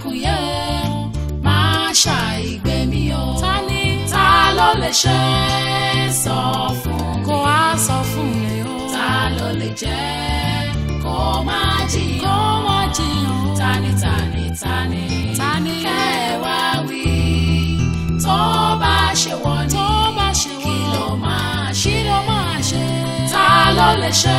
dákúnyé máa ṣàìgbé mi o ta ni ta ló lè ṣe sọ fún mi kó a sọ fún mi o ta ló lè jẹ kó máa jiyàn kó máa jiyàn ta ni ta ni ta ni ta ni kẹwàá wí tó bá ṣe wọ́n ni tó bá ṣe wọ́n kí ló máa ṣe kí ló máa ṣe ta ló lè ṣe.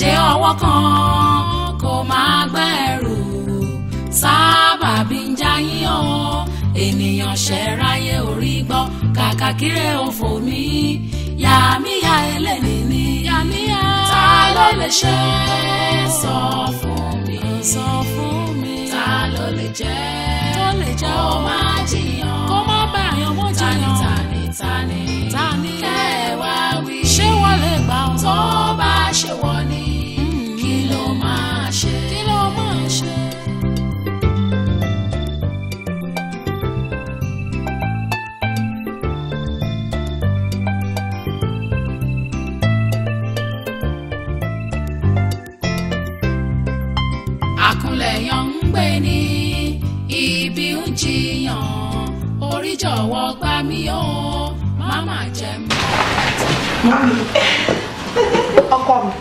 jẹ́ ọwọ́ kan kó máa gbẹ́ ẹrù sábà bí ń jayín o ènìyàn ṣẹ̀ráyé orí gbọ́ kàkà òfò mi yàmíyà eléni ni yàmíyà ta ló lè ṣe sọ fún mi sọ fún mi ta ló lè jẹ́ tó lè jẹ́ ó máa jiyàn kó má bàyàn mọ́ jiyàn tani tani tani kẹ́ ẹ wá wí ṣé wọ́n lè gbà ọ́. jọ̀wọ́ gbà mí o màmá jẹ́ mọ́ ẹ̀tọ́. mami ọkọ mi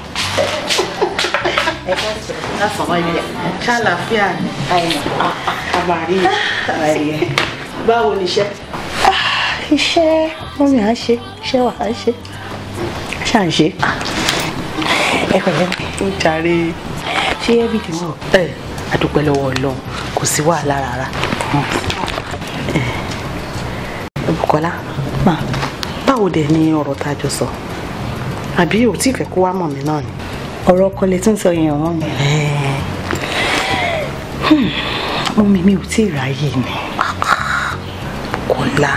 ṣàlàfíà ni àmàrí báwo ni iṣẹ́. iṣẹ́ wọ́n mi à ń ṣe iṣẹ́ wà á ṣe ṣà ń ṣe. ẹ pẹ̀lẹ́ ó jàre ṣé everything wọ̀ ẹ́ àdúpẹ́ lọ́wọ́ ọlọ́run kò sí wàhálà rárá. Bọ́lá ma báwo dẹ̀ ni ọ̀rọ̀ tá a jọ sọ àbí ò tí ì fẹ́ kó wá mọ̀ mí náà ni. ọ̀rọ̀ ọkọ lè tún sọ yẹn ọ̀rọ̀ mi. Hmm, mọ́mí mi ò tí ì ráyè ni kò la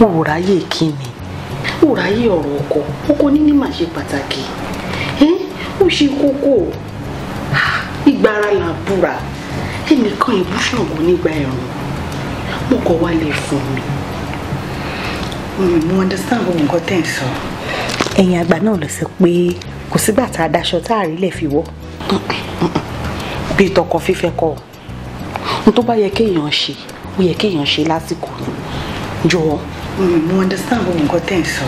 wọn ò ráyè kí ni wọn ò ráyè ọ̀rọ̀ ọkọ ọkọ níní mà ṣe pàtàkì ó ṣe kókó ìgbà ara là búra ẹnìkan ìbúṣọ̀gùn nígbà ẹ̀rùn mo kọ̀ wá lè fún mi. Mm, mo understand gbogbo nǹkan tẹ̀ ń sọ. ẹ̀yin àgbà náà lọ sọ pé kò sígbà tá a daṣọ tá a rí lẹ̀ fi wọ̀ bíi tọkọ fífẹ́ kọ́ ohun tó bá yẹ kéèyàn ṣe ó yẹ kéèyàn ṣe lásìkò jọ̀wọ́. Mm, mo understand gbogbo nǹkan tẹ̀ ń sọ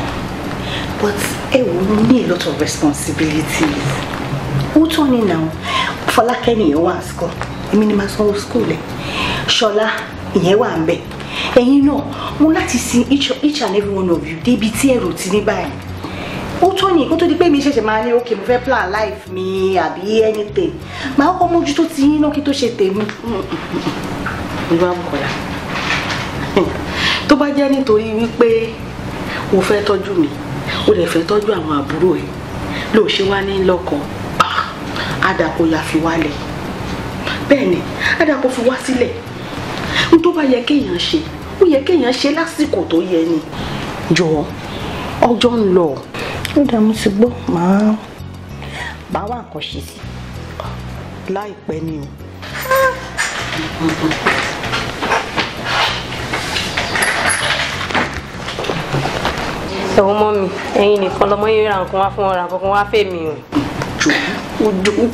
but ẹ wò ó ní a lot of responsibilities ó tún ní náà Fọlákẹ́ nìyẹn wà school èmi ni màá sanwó school ẹ̀ Ṣọlá ìyẹn wà ń bẹ̀ ẹ̀yin náà mo láti sin each, each and every one of you débi tí ẹ̀rù ti ní báyìí ó tó ní ó tó di pé mi ṣẹ̀ṣẹ̀ máa ní okay mo fẹ́ plan life mi àbí anything màá kọ́ mójútó ti yín náà kí tó ṣe tèmi ìlú àbùkọ́lá tó bá jẹ́ nítorí wípé o fẹ́ tọ́jú mi o lè fẹ́ tọ́jú àwọn àbúrò ẹ̀ ló ṣe wá ní lọ́kàn àdàpọ̀ ah, yà fi wálẹ̀ bẹ́ẹ̀ ni àdàpọ̀ fi wá sílẹ̀. Si n tó bá yẹ kéèyàn ṣe ó yẹ kéèyàn ṣe lásìkò tó yẹ ni jọ ọjọ́ ń lọ. ó dàá mo ti gbọ́ màá bá wà nǹkan ṣe sí láìpẹ́ ni o. ẹ̀wọ̀n mọ́ mi ẹ̀yin nìkan lọmọ yìí ra nǹkan wá fún ọ̀rà kankan wá fèmí o. ojú ojú.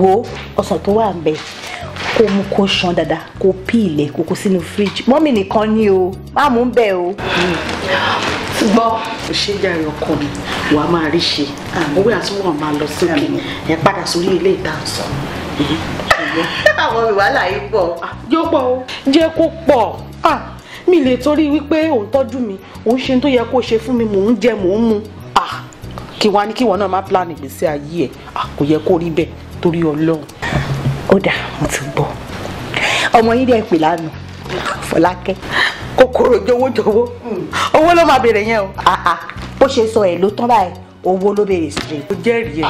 wo ọsàn tó wà ń bẹ kó mu kó ṣan dáadáa kó pí ilẹ̀ kó kó sínú fíríjì mọ́mì nìkan ni o má mú bẹ́ẹ̀ o. gbọ́ òṣèjàre ọkọ mi wàá máa rí ṣe owó àtúwọ̀n máa lọ sókè ẹ padà sórí ilé ìdáhùnsọ. àwọn ìwàhálà yìí pọ̀. yóò pọ̀ o jẹ́ kó pọ̀ ah, mi lè torí wípé òun tọ́jú mi òun ṣe tó yẹ kó ṣe fún mi mò ń jẹ mò ń mu ah, kí wàá ní kí wọn náà má plan ìgbésí ayé ẹ ah, kò yẹ kó rí bẹ́ẹ̀ torí Ọlọ́run ó dà mo ti gbọ́ ọmọ yín dẹ̀ pè lánàá fọlákẹ́ kòkòrò jọ̀wọ́jọ̀wọ́ owó ló máa béèrè yẹn o bó ṣe sọ ẹ̀ ló tán báyìí owó ló béèrè straight. ó jẹ́rìí ẹ̀.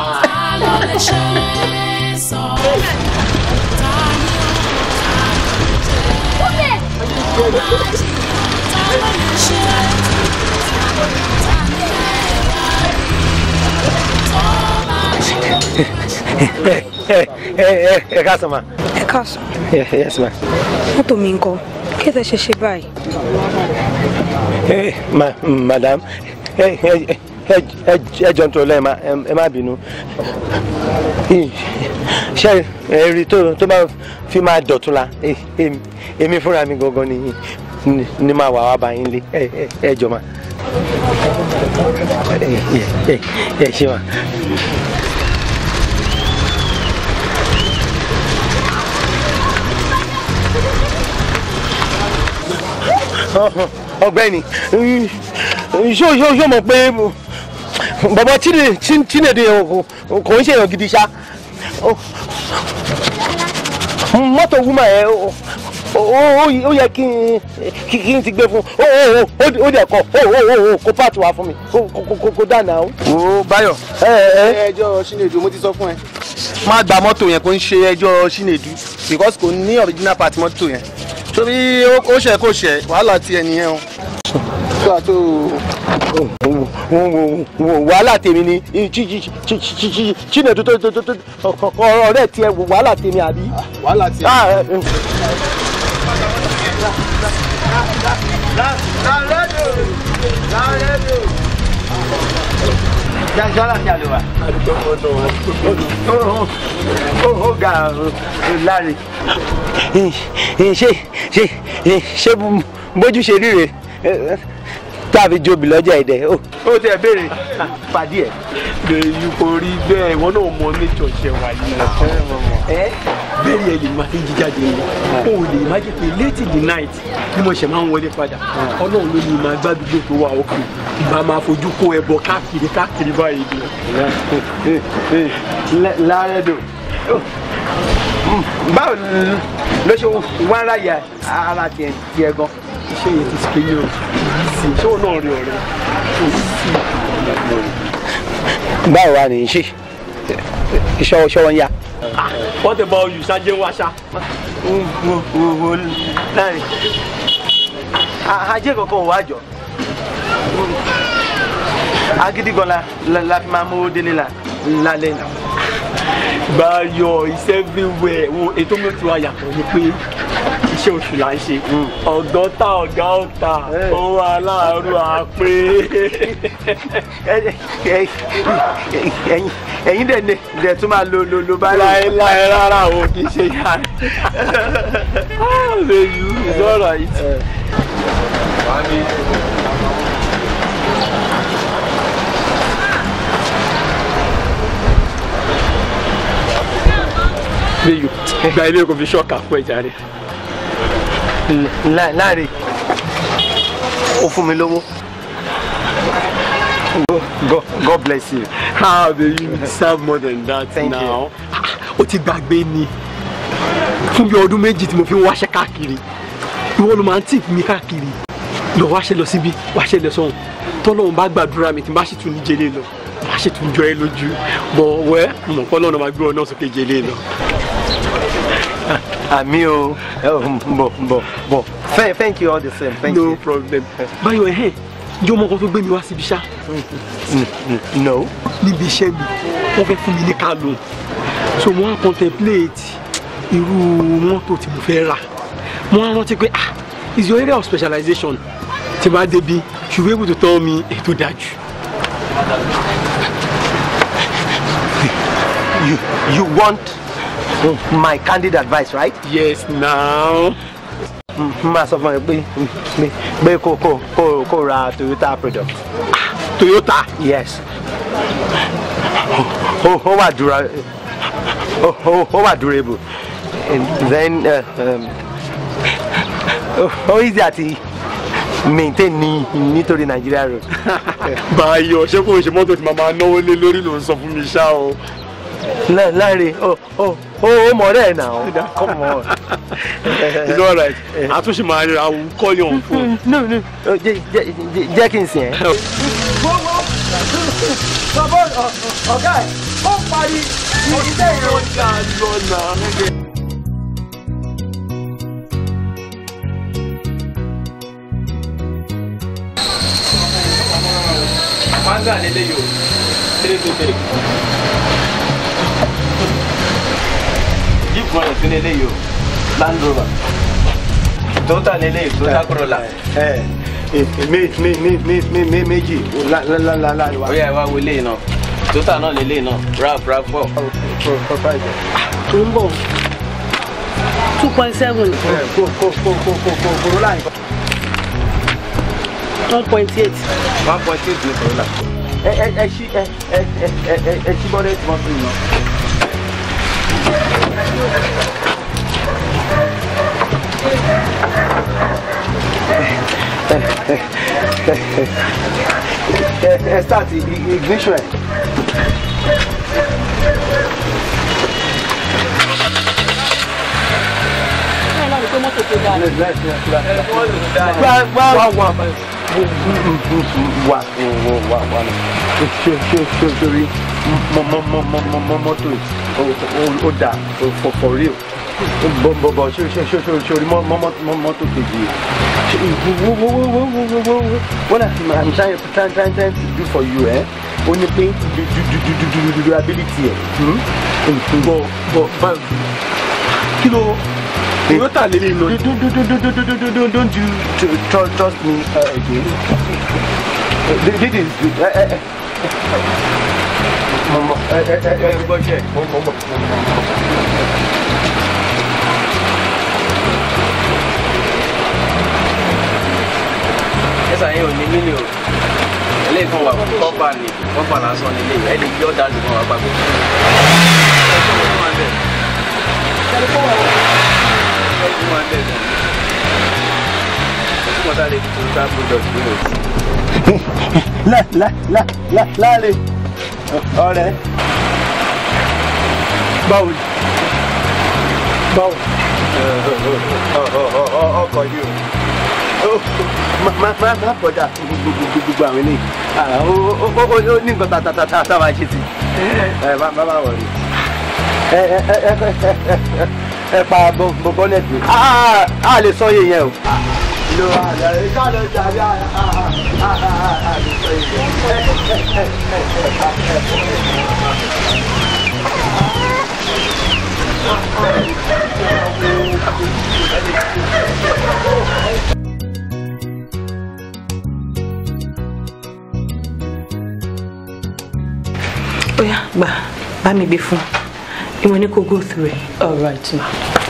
Hey ẹ ká sọ ma. ẹ ká sọ. yes ma. mọ́tò mi ńkọ́ kí ẹ fẹ́ ṣe ṣe báyìí. ma madam ẹ jọ nítorí lẹ́yìn ẹ má bínú ṣe èrì tó bá fi máa dọ̀tún la èmi e, fúnra e, e mi gangan ni ni máa wà wá bá yín lé ẹ jọ ma ẹ ṣe wa. ọ̀gbẹ́ni yóò yóò yóò mọ̀ pé bàbá Chinedu kò ń ṣèyàn gidi ṣá mọ́tò wúmà ẹ̀ ó yẹ kí n ti gbé fún ó dẹ̀ kọ́ kó pàtó wá fún mi kó dáná o. o Báyọ̀ ẹjọ́ Chinedu mo ti sọ fún ẹ. má gba mọ́tò yẹn kó ń ṣe ẹjọ́ Chinedu because kò ní original part mọ́tò yẹn torí ó ṣe kó ṣe wàhálà ti ẹnìyẹn o. wàhálà tèmi ni chinedu ọ̀rẹ́ tiẹ̀ wàhálà tèmi àbí. wàhálà tiẹ̀. La radio, la radio dájọ́ láti àlùwà. ó ga láre. ṣé ṣé ṣé bójú ṣe rí rèé tàbí jobi lọ́jà ẹ̀dẹ̀ o. Oh. ó ti ẹ̀ béèrè pàdé ẹ̀. lèyí kò rí bẹ́ẹ̀ wọn náà mọ níjọ ṣe wà yìí. ẹ bẹ́ẹ̀ yẹn lè máa fi jíjáde ni ah. o lè má jẹ́ pé late in the night bí mo ṣe máa ń wọlé padà ah. ọlọ́run ló ní máa gbádùgbò tó wà òkè ìgbà máa fojú kó ẹbọ káàkiri káàkiri báyìí ni. láàrẹ̀dọ̀ oh. hmm. báwo ló ṣe wá ráyà ara tiẹ̀ tiẹ̀ gan iṣẹ́ yẹn ti spẹ́yìn o sí ṣé òun náà rí ọ̀rẹ́ o sí ìgbàgbọ́ rẹ̀. báwo wà ní í ṣe iṣẹ́ ọṣẹ́ wọn la la fi máa mú délé la ńlá lẹ́nu Báyọ̀ iṣẹ́ everywhere wo ètò mi ti wá yàtọ̀ ni pé iṣẹ́ oṣù là ń ṣe ọ̀gọ́ta hmm. ọ̀gá ọ̀ta òun aláàárọ̀ àpè. ẹ̀yin dẹ̀ ni dẹ̀ tún máa lo lo lo báyìí. láéláé rárá o kì í ṣe yá rẹ̀. lè yú ìṣọ́ra yìí. bẹ́ẹ̀ gba ilé kò fi ṣọ́ọ̀kà fún ẹja rẹ̀. láàrin ó fún mi lówó. God, God bless you. How ah, baby, you deserve more than that Thank now. O ti gbàgbé ni. Fún bí ọdún méjì tí mo fi ń wáṣẹ́ káàkiri. Ìwọ ló máa ń tìpì mi káàkiri. Lọ wáṣẹ́ lọ síbi, wáṣẹ́ lọ sọ́hùn. Tọ́lọ́run bá gbàdúrà mi tí n bá sì tún níjẹ́lé lọ. Má sì tún jọ ẹ lójú. Bọ̀wẹ́ mọ̀ kọ́lọ́run máa gbé ọ náà sókè jẹ́lé lọ àmì ah, o oh, bo, bo, bo. thank you all the same thank no you. problem. báyọ̀ ẹ̀hẹ́ jẹ́ ọmọ kan tó gbé mi wá síbi ṣá. no. níbi iṣẹ́ mi wọ́n fẹ́ fún mi ní car so mo contemplate irú mọ́tò tí mo fẹ́ rà mo wá rántí pé ah is your area of specialization tí bá débi you be able to tell me ètò dájú. you you want my candid advice right. yes now. máa mm, sọ fún ẹ mm, pé pé kó kó kó kó ra Toyota product. Ah, Toyota. yes. ó ó wà dura ó ó wà durable and then uh, um, ó easy àti maintain ní nítorí Nigeria road. báyọ̀ ṣé kò ń ṣe mọ́tò tí màmá náwó lé lórí ló ń sọ fún mi ṣá o. Larry, oh, oh, oh, oh, more there now. Come on. It's all right. I told you, man, I will call you on phone. No, no. Jẹ́ kí n sìn Okay. Gbogbo bàbá ọ̀gá ẹ̀ ó parí iṣẹ́ ìrọ̀jà lọ́nà. Manga lele yo, three to three. mọ̀ lọ sí ní eléyìí o Land Rover Toyota ní eléyìí Toyota Corolla. méjì lálálálá ìwà. ó yá ìwà wo eléyìí náà Toyota náà ní eléyìí náà rav rav four. tó ń bọ̀ two point seven. Corolla one point eight. one point eight ní Corolla. ẹ ẹ ẹ ṣí ẹ ẹ ẹ ẹ ṣí bọ́dẹ̀ tí wọ́n fi yàn ẹ start ignition ẹ. mọ́tò yìí ó dà for for real bọ̀bọ̀ ṣe ṣe ṣe ṣe ṣe orí mọ́tò kejì what I'm, I'm trying, trying, trying, trying to do for you eh? o ní pé durability ẹ̀ hmm? Hmm, hmm. bọ̀ bọ̀ báyìí kí ló yóò tà lé mi lọ. don't you trust trust me uh, again this is. Eh, eh, eh. Mama. Ẹ ẹ ẹ ẹ gbọ́ jẹ́. Mo mọ̀ mọ̀. Ẹ̀sà yẹn ò ní mílíọ̀. Eléyìí kan wà kọ́pà ni kọ́pà lásán nílé ẹ̀ lè yọ̀ dáàdì kan ọ̀rẹ́ báwo ni báwo ọkọ̀ yìí o má má kọjá gbogbo àwọn eléyìí ó ní nǹkan tàtàtà táwa ṣe sí bá bá wọ̀ rí ẹ pa bọ́nẹ́tì a lè sọ yẹn yẹn o. Oh yeah, ba. ká me before. you. Oya, gba, go through it. All right, ma.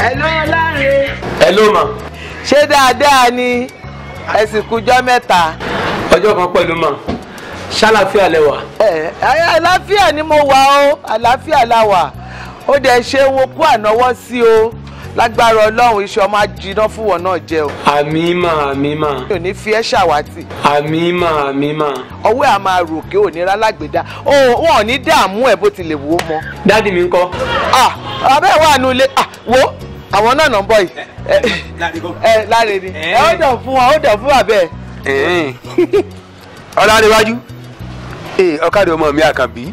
Hello Láre. Hello ma. ṣé dáadáa ni ẹ sì kújọ́ mẹ́ta. ọjọ́ kan pẹ̀lú ma ṣàlàáfíà lẹ wà. ẹ àlàáfíà ni mo wà o àlàáfíà la wà ó dẹ̀ ṣe wo kú ànáwọ́ sí o lágbára ọlọ́run iṣẹ́ ọmọ ajiná fún náà jẹ o. àmì mà àmì mà. mi ò ní fi ẹ́ ṣàwátì. àmì mà àmì mà. ọwọ́ ẹ̀ a máa ròkè òníra lágbèdá wọn ò ní dààmú ẹ̀ bó tilẹ̀ wò ó mọ. dádì mi ń kọ́. àbẹ́ ah, wà nulẹ̀ ah, wo àwọn náà nà ń bọ̀ yìí ẹ eh, eh, eh, láre ni ẹ ó dọ̀ fún wa ó dọ̀ fún wa bẹ́ẹ̀. ọ̀làdéwájú ọ̀kadà ọmọ mi àkànbí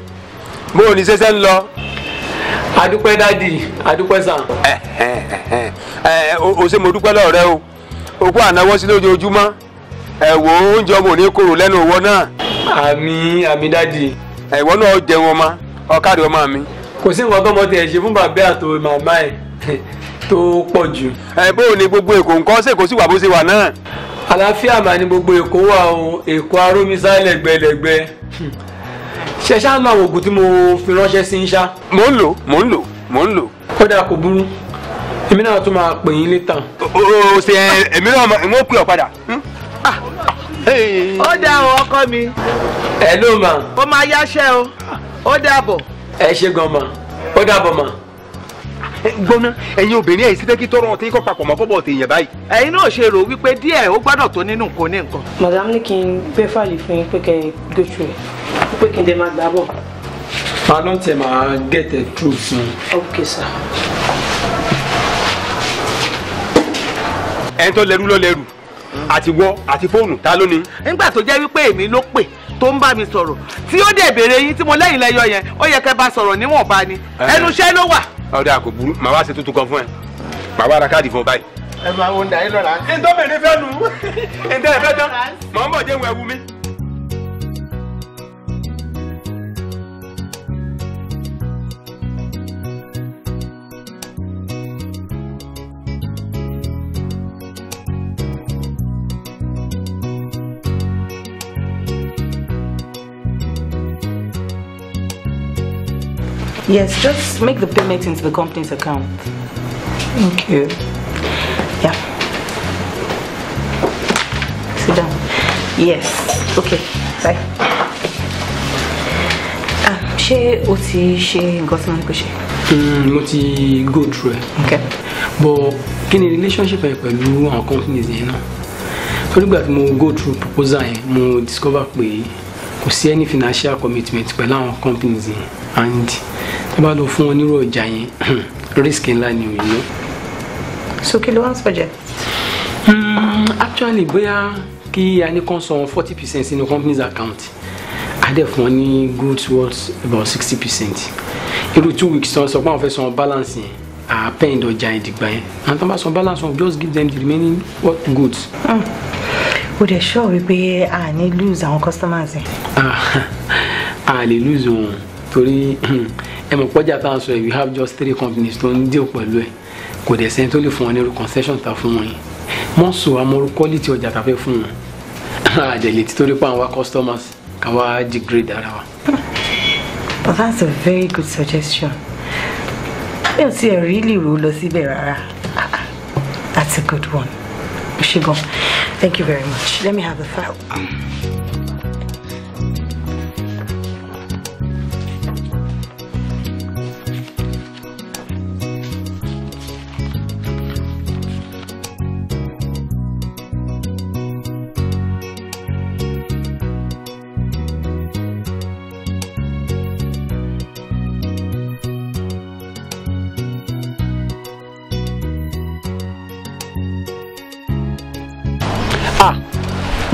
bó o ní sẹ́sẹ́ ń lọ. adúpẹ́ dádì adúpẹ́ sàn. o ṣe mo dúpẹ́ lọ́rẹ́ o òkú ànáwọ́ sí lójoojúmọ́ ẹ wo oúnjẹ ọmọ òní kòrò lẹ́nu òwọ́ náà. àmì àmì dádì. ẹ̀wọ́ náà jẹun ọmọ ọ̀kadà ọmọ mi. kò sí nǹkan tó mọ tiẹ̀ ṣe fún bàbá àtò màmá ẹ̀ tó pọ̀ jù. ẹ bó ní gbogbo èkó nǹkan ṣe wà bó ṣe náà. àlàáfíà ní gbogbo èkó wà o èkó arómisá lẹ́gbẹ̀lẹ́gbẹ̀ ṣẹṣá náà oògùn tí mo fi ránṣẹ́ sí ń ṣá. mò ń lò mò ń lò mò ń lò. kódà kò burú èmi náà tún máa pè yín o ọ padà. Hm? Ah, ó dá àwọn ọkọ mi. ẹ ló mà. ó máa yáṣẹ́ o ó ẹ ṣe gan ó Eh, gbọ́ná ẹ̀yin obìnrin ẹ̀yin sítẹ́kì tọrọ ọtí kọ́ papọ̀ mọ́ fọ́bọ̀ ọ̀tẹ̀ èèyàn báyìí. ẹ̀yin náà ṣe rò wípé díẹ̀ ó gbọ́dọ̀ tó nínú nǹkan ní nǹkan. madam ní kí n gbé fàlì fún yín pé kẹ́ ẹ gbóṣù rẹ̀ pé kí n dẹ̀ máa gbà bọ̀. I don tell my get a truth soon. Okay sir. ẹni tó lẹ́rú ló lẹ́rú àti wọ àti fóònù ta ló ní. nígbà tó jẹ́ wípé èmi ló pè tó ń bá mi sọ̀rọ̀ tí ó dẹ̀ béèrè yín tí mo lẹ́yìn lẹ́yọ yẹn ó yẹ kẹ́ bá sọ̀rọ̀ níwọ̀nba ni ẹnu iṣẹ́ ló wà. Ah, ọ̀dà kò burú màá wá ṣe tuntun kan fún ẹ màá wá ra káàdì fún ọ báyìí. ẹ máa wo ndàyé lọ́ra. ẹ ń tọ́ mẹ́rin fẹ́ nu ẹ ẹ fẹ́ tán màá mọ̀ jẹun ẹ̀wù mi. Yes, just make the payment into the company's account. Thank you. Yeah. Sit down. Yes. Okay. Bye. Ah, she, o she got nǹkan tí mo ní kó hmm, go through Okay. But kí ni relationship ẹ pẹ̀lú àwọn companies yẹn náà? For gbà tí mo go through proposal yẹn, discover we, kò sí any financial commitment pẹ̀lú àwọn companies yẹn and ẹ bá lọ fún wọn nírú ọjà yẹn risk ńlá ni òyìn náà. so kí ló wá ń sọjẹ. Hmm, actually bóyá kí a ní kàn san forty percent sínú company's account a dẹ̀ fún wọn ní goods worth about sixty percent irú two weeks tán sọ pé àwọn fẹ́ san balance yẹn à pẹ́yìn dọjà ìdìgbà yẹn àwọn tó bá san balance wọn just give them the remaining goods. Mm o dẹ̀ sọ wípé a ní lose àwọn customers yẹn. Ah, a lè lose wọn torí ẹ mọ̀ tá a sọ yìí we have just three companies tó ń dé pẹ̀lú ẹ̀ kò dẹ̀ sẹ́ni tó lè fún wọn ní concession ta fún wọn yìí wọ́n sọ amọ̀rú quality ọjà ta fẹ́ fún wọn àdèlè tí pa àwọn customers ká wá degrade ara wa. but that's a very good suggestion mi ò tiẹ̀ rí lè rò lọ síbẹ̀ rárá that's a good one ṣùgbọ́n thank you very much let me have a file.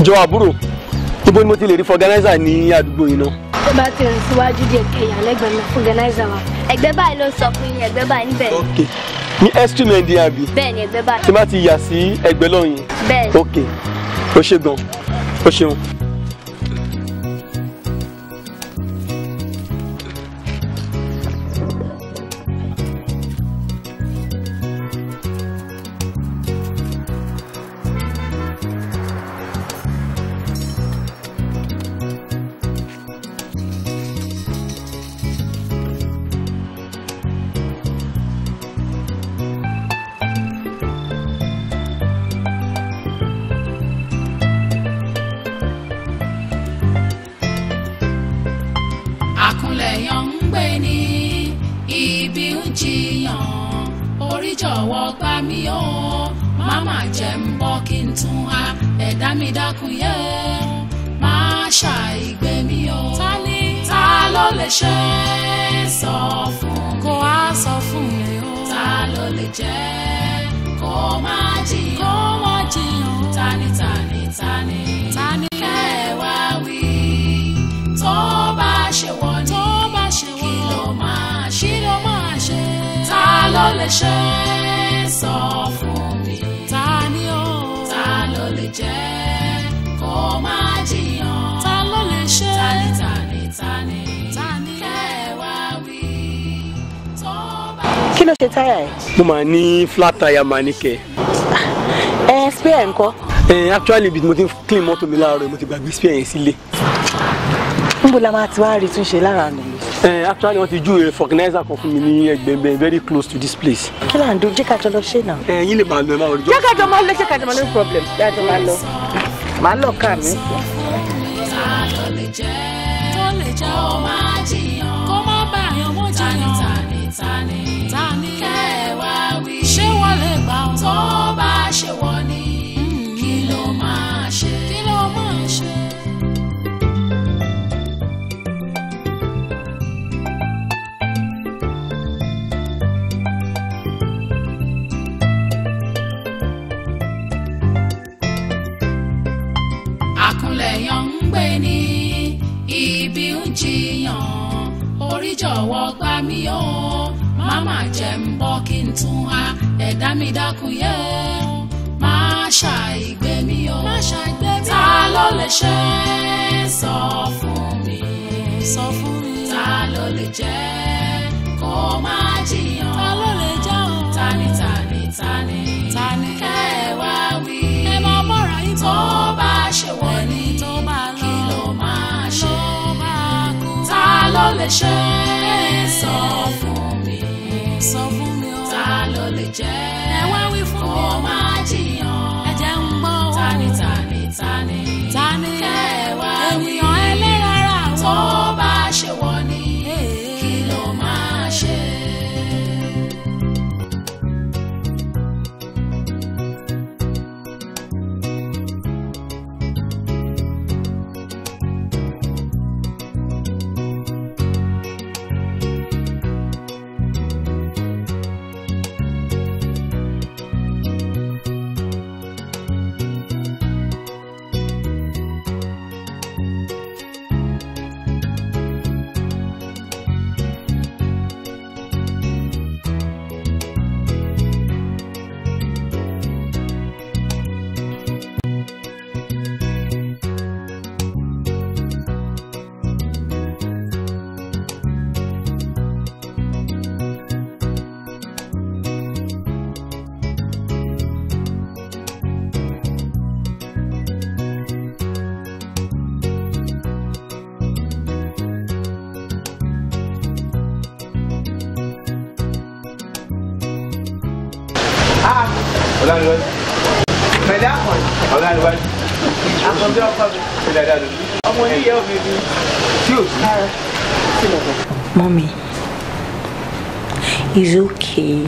jọ àbúrò ibo ni mo ti lè rí fọgànáìsà ní àdúgbò yìí náà. tó bá ti rìn síwájú díẹ̀ kẹyà lẹ́gbẹ̀ẹ́ náà fọgànáìsà wa. ẹgbẹ́ báyìí ló sọ fún yín ẹgbẹ́ báyìí níbẹ̀. ok ní extreme ndn àbí. bẹ́ẹ̀ni ẹgbẹ́ báyìí. tí má ti yà sí ẹgbẹ́ lọ́yìn. bẹ́ẹ̀ni. ok o ṣe gan o ṣeun. jẹ́ kó má jiyàn. ta ló lè ṣe tani tani tani tani kẹwà wí tó bá. kí ló ṣe táyà ẹ. mo máa ní flat tire máa ní kẹ. Ah, ẹ spare ńkọ́. ẹ actually ibi tí mo ti ń clean mọ́tò mi láàárọ̀ mo ti gbàgbé spare yẹn sílé. níbo la máa ti wá rí túnṣe lára nù. Uh, actually what you do, a kan fún mi ní ẹgbẹ̀ngbẹ̀ very close to this place. kí là do jẹ́ ká jọ lọ ṣe náà. ẹ eh, yín lè máa lọ ẹ máa wọlé jọ. jẹ́ ká jọ máa problem jẹ́ ká jọ máa lọ máa lọ ká jọ̀wọ́ gbà mí o màmá jẹ́ ń bọ́ kí n tún wá ẹ̀dá mi dákun yẹ́ má ṣàìgbé mi o má ṣàìgbé mi o ta ló lè ṣe sọ fún mi sọ fún mi ta ló lè jẹ́ kó má jiyàn ta ló lè jẹ́ o tani tani tani. lè ṣe é sọ fún mi. sọ fún mi o. ta ló lè jẹ́. Mommy, hola, Luis. Me da con. Hola, Luis. Àkànbí ọkọ mi. Ṣé dáadáa it's okay.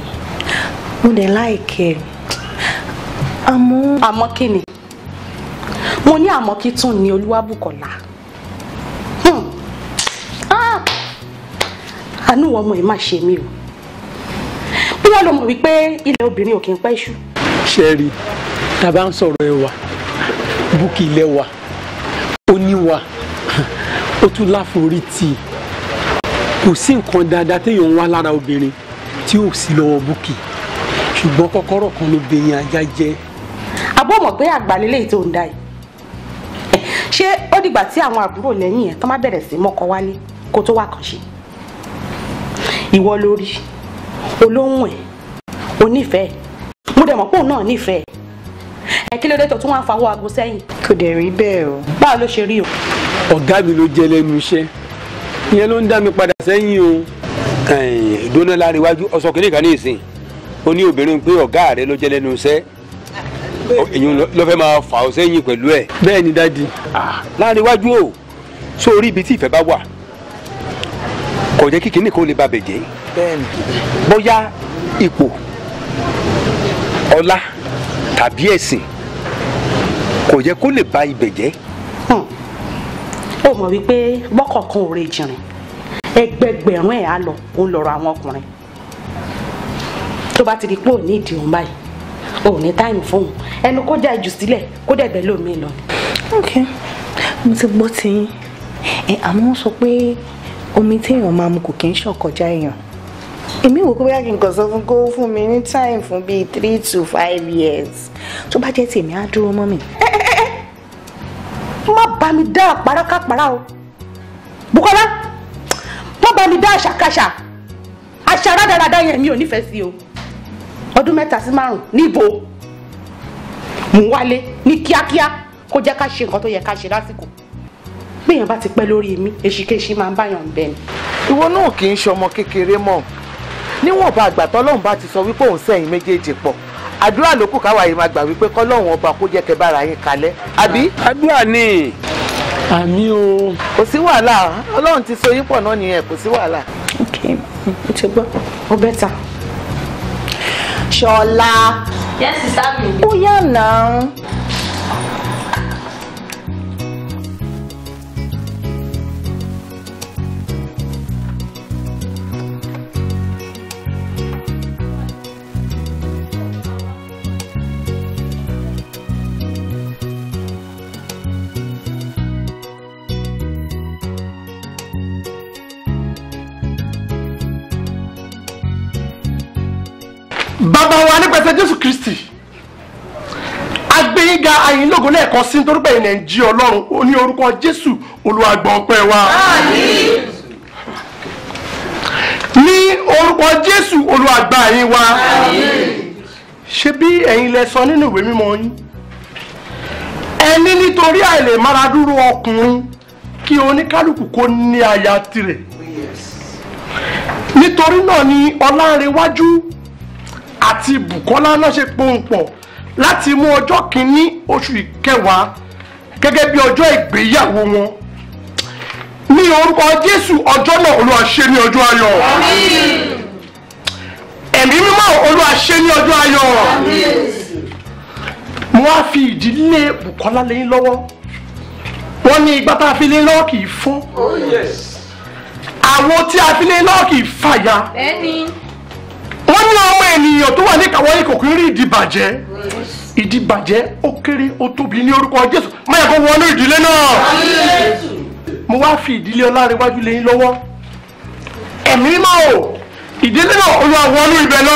Mo dẹ̀ láìkẹ́. Àmọ́. Àmọ́ kí ni? Mo ní àmọ́ kí tún ní Olúwabùkọ́lá. Hmm. Ah! Àánú ọmọ ẹ̀ má ṣe mí bí wọ́n lọ mọ̀ wípé ilẹ̀ obìnrin ò kì í pẹ́ iṣu. ṣẹ́ẹ̀rì tàbá ń sọ̀rọ̀ ẹwà búkì ilẹ̀ wa oníwà ó tún láforítì kò sí nǹkan dáadáa téèyàn ń wá lára obìnrin tí ò sí lọ́wọ́ búkì ṣùgbọ́n kọ́kọ́rọ́ kan ló bẹ yẹn ajá jẹ́. àbọ̀ mọ̀ pé àgbà lélẹ́yìí tó ń da yìí ṣé ó dìgbà tí àwọn àbúrò lẹ́yìn ẹ̀ tó má bẹ̀rẹ̀ sí mọ́kọ wálé kó tó wà kàn ṣe ìwọ lórí olóhùn ẹ̀ onífẹ̀ẹ́ mo dẹ̀ mọ̀ pé òun náà nífẹ̀ẹ́ ẹ kí ló dé tó tún wá fawọ́ aago sẹ́yìn. kò dẹ̀ rí bẹ́ẹ̀ o. báwo ló ṣe rí o. ọ̀gá mi ló jẹ lẹ́nu iṣẹ́ ìyẹn ló ń dá mi padà sẹ́yìn o. dóná lára iwájú ọ̀sọ̀ kìnìún kan ní ìsìn ní obìnrin pé ọ̀gá rẹ ló jẹ lẹ́nu iṣẹ́ èyí ló fẹ́ máa fà ọ́ sẹ́yìn pẹ̀lú ẹ̀. bẹ́ẹ̀ ni dádì. Ah, lára iwájú o sórí ibi tí ìfẹ́ bá wà kò jẹ́ kí kinní kò lè ba bèjẹ́ bóyá ipò ọlá tàbí ẹ̀sìn kò jẹ́ kó lè ba ibẹ̀ jẹ́. ó mọ̀ wípé bọ́kọ̀ọ̀kan ò rè jìnrìn ẹgbẹgbẹ̀rún ẹ̀ á lọ òun lọ̀rọ̀ àwọn ọkùnrin tó bá ti di pé ò ní ìdí òun báyìí ò ní táìmù fóun ẹnu kó já ìjù sílẹ̀ kó dẹ̀gbẹ́ lómi lọ. ok mo ti gbọ́ tí àmọ́ sọ pé omi téèyàn máa mu kò kí ń ṣàn kọjá èèyàn èmi wò pé kí n kàn sọ fún kó fún mi ní time fún bíi three to five years tó bá jẹ́ tèmi á dúró mọ́ mi má bá mi dá àpárá kápárá o Bùkọ́lá má bá mi dá àṣàkáṣà àṣà rádaràdá yẹn mi ò nífẹ̀ẹ́ sí o ọdún mẹ́ta sí márùn níbo mò ń wálé ní kíákíá kó jẹ́ ká ṣe nǹkan tó yẹ ká ṣe lásìkò béèyàn bá ti pẹ́ lórí mi èṣìkéṣì máa ń báyàn ń bẹ ni. ìwọ náà kì í ṣọmọ kékeré mọ́ níwọ̀n bá àgbà tọ́lọ́run bá ti sọ wípé òun sẹ́yìn méjèèjì pọ̀ àdúrà ló kù káwa yìí máa gbà wípé kọ́lọ́run ọba kó jẹ́ kẹ́ bára yín kalẹ̀ àbí. àdúrà ni àmì o. kò sí wàhálà ọlọ́run ti so yín pọ̀ náà nìyẹn kò sí wàhálà. ok o ti gbọ́ o bẹ́tà. ṣọlá. yes sísá mi. ó yà náà. nípasẹ̀ jésù kristi agbẹ́yìnga ayínlógo lẹ́ẹ̀kan sí nítorí pé ẹ̀yìn ẹ̀ǹjì ọlọ́run ó ní orúkọ jésù olùwàgbọ̀npẹ̀ wa. ní orúkọ jésù olùwàgbà yín wa. ṣé bí ẹ̀yin lẹ sọ nínú ìwé mímọ́ yín ẹni nítorí àìlè mára dúró ọkùnrin kí oníkálukú kó ní aya tirẹ̀ oh, nítorí náà ni ọlánrewájú àti Bùkọ́lá náà ṣe pòǹpọ̀ láti mú ọjọ́ kìíní oṣù ìkẹwàá gẹ́gẹ́ bí ọjọ́ ìgbéyàwó wọn ní orúkọ Jésù ọjọ́ náà Olúwa ṣe ní ọjọ́ ayọ̀ ẹ̀mí mímọ́ Olúwa ṣe ní ọjọ́ ayọ̀ wọ́n á fi ìdílé Bùkọ́lá lẹ́yìn lọ́wọ́ wọ́n ní igbá tá a fi lé lọ́wọ́ kì í fún oh, àwo tí a fi lé lọ́wọ́ kì í fàya wọ́n ní ọmọ ènìyàn tó wà ní ìkàwọ́ yìí kò kí ń rí ìdìbàjẹ́ ìdìbàjẹ́ ó kéré ó tóbi ní orúkọ Jésù máyà kó wọnú ìdílé náà mo wá fi ìdílé ọlárẹ̀wájú lẹ́yìn lọ́wọ́ ẹ̀mí mọ́ o ìdílé náà olú àwọnú ibẹ̀ lọ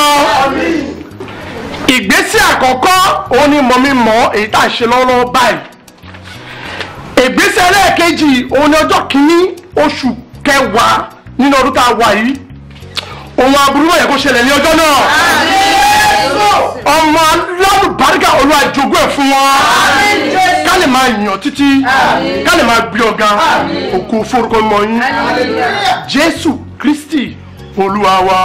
ìgbésẹ̀ àkọ́kọ́ òun ni mọ̀mímọ́ èyí tá à ṣe lọ́wọ́lọ́wọ́ báyìí ìgbésẹ̀ ẹlẹ́ẹ̀kejì òun ni ọjọ́ kìíní oṣù kẹwàá nínú ọdún tá a wà yìí òun aburú mọ̀ yẹ kó ṣẹlẹ̀ ní ọjọ́ náà ọmọ alálùbáríkà olúwa jogún ẹ̀ fún wọn ká lè máa yàn títí ká lè máa gbé ọ̀gá òkú forúkọ mọ yín jésù kristi olúwa wa.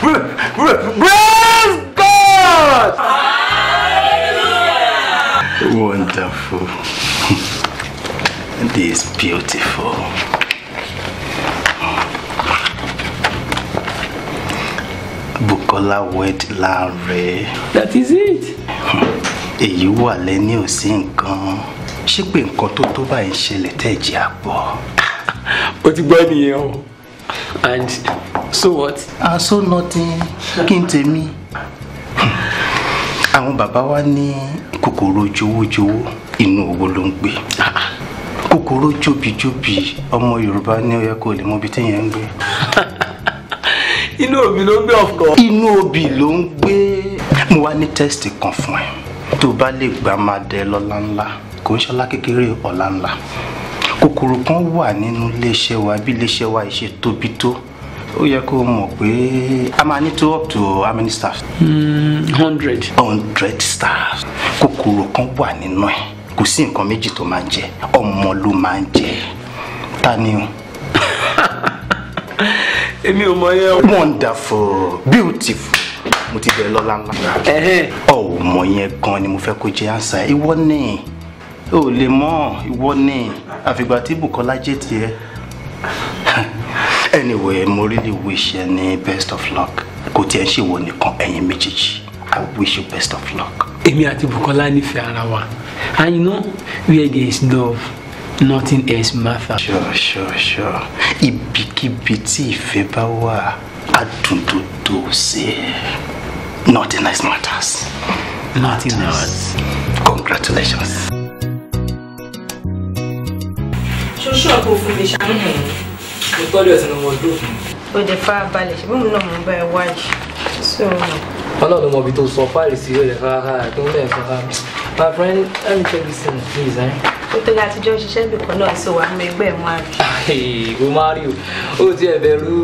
praise god. wonderful this beautiful. Kọ́láwọlé Láńrè. that is it. Hmm. èyí wà lẹ́ni ò sí nǹkan ṣé pé nǹkan tó tó báyìí ń ṣẹlẹ̀ tẹ̀jẹ̀ àpọ̀. o ti gbọ́ nìyẹn o and so what. ah so nothing kí n tèmi hmm. àwọn bàbá wa ní kòkòrò jowójowó inú owó ló ń gbé kòkòrò jóbijóbi ọmọ Yorùbá ní ó yẹ lè mọ ibi téèyàn ń gbé. inú òbí ló ń gbé ọkọ. inú òbí ló ń gbé mo wá ní test kan fún ẹ tó bá lè gbà máa dẹ lọ́lá ńlá kò ń ṣọlá kékeré ọ̀la ńlá kòkòrò kan wà nínú iléeṣẹ́ wa bí iléeṣẹ́ wa ṣe tóbi tó ó yẹ kó mọ̀ pé a máa ní tó up to how many staff. Mm, hundred. hundred staff kòkòrò kan wà nínú ẹ kò sí nǹkan méjì tó máa ń jẹ ọmọ ló máa ń jẹ ta ni o. èmi ò mọ yẹn. wonderful beautiful mo ti bẹ̀rẹ̀ lọ́la ńlá. ọ̀ mọ̀ yẹn gan ni mo fẹ́ kó jẹ́ àṣà ìwọ ni o lè mọ̀ ìwọ ni àfìgbà tí Bùkọ́lá jẹ́ tiẹ̀. anyway mo really wish ẹ ní best of luck kò tiẹ̀ ń ṣèwọ nìkan ẹ̀yin méjèèjì i wish you best of luck. èmi àti Bùkọ́lá nífẹ̀ẹ́ ara wa and you know where there is love nothing else matters. sure sure sure ibikíbi tí ìfẹ́ bá wà adùndòdò sí nothing else matters. nothing else. congratulations. ṣoṣo ọkọ òfin lè ṣàmìlẹ mo tọ́jú ẹ̀sìn ọmọ ọdún. o lè fara balẹ̀ ṣe bóun náà mo bá ẹ wáyé. ọlọ́run mọ̀ ibi tó sọ fáìlì sí rẹ̀ rárá tó ń lẹ̀ fún rárá. My friend, let me check this thing, please. Eh? Nítorí àtijọ́ ṣiṣẹ́ ibì kan náà ṣe wà nínú ẹgbẹ́ ẹ̀ máa rí. O máa rí o, ó ti ẹ̀ bẹ̀rù.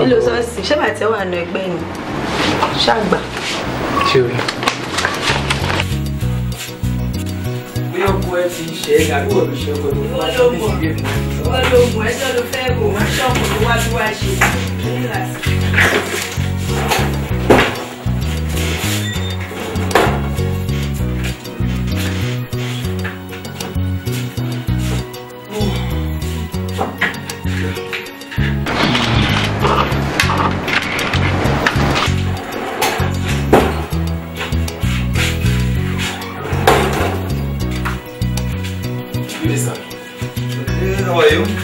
Nílò ah, hmm. sọ́ọ̀sì, ṣé bàtí ẹ wà nínú ẹgbẹ́ ni? Ṣàgbà. Ṣé o rí? Bóyá ọkọ ẹ ti ṣe é gàdú ọ̀dọ̀ ṣe ọkọ tó fún wa ṣe ní ìgbé mi. Wọ́n lo oògùn ẹjọ́ ló fẹ́ wò, wọ́n ṣọ́ọ̀kù tó wá bí wá ṣe. Nílà you? how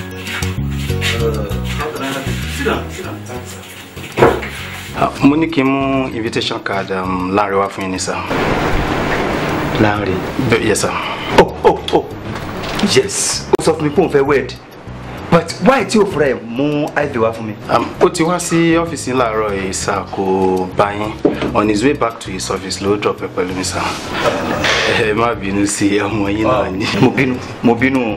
can I help invitation card um, láàrin wá fún yín ní sir. láàrin. yes sir. oh oh oh yes ó sọ fún mi pé òun fẹ́ wed but why tí o fura ẹ mú ivy wá fún mi. Um, ó ti wá sí ọ́fíìsì láàárọ̀ yìí sir kò bá on his way back to his office ló drop ẹ pẹ̀lú mi sir. ẹ má bínú sí ọmọ yín náà ah, ni. mo bínú mo bínú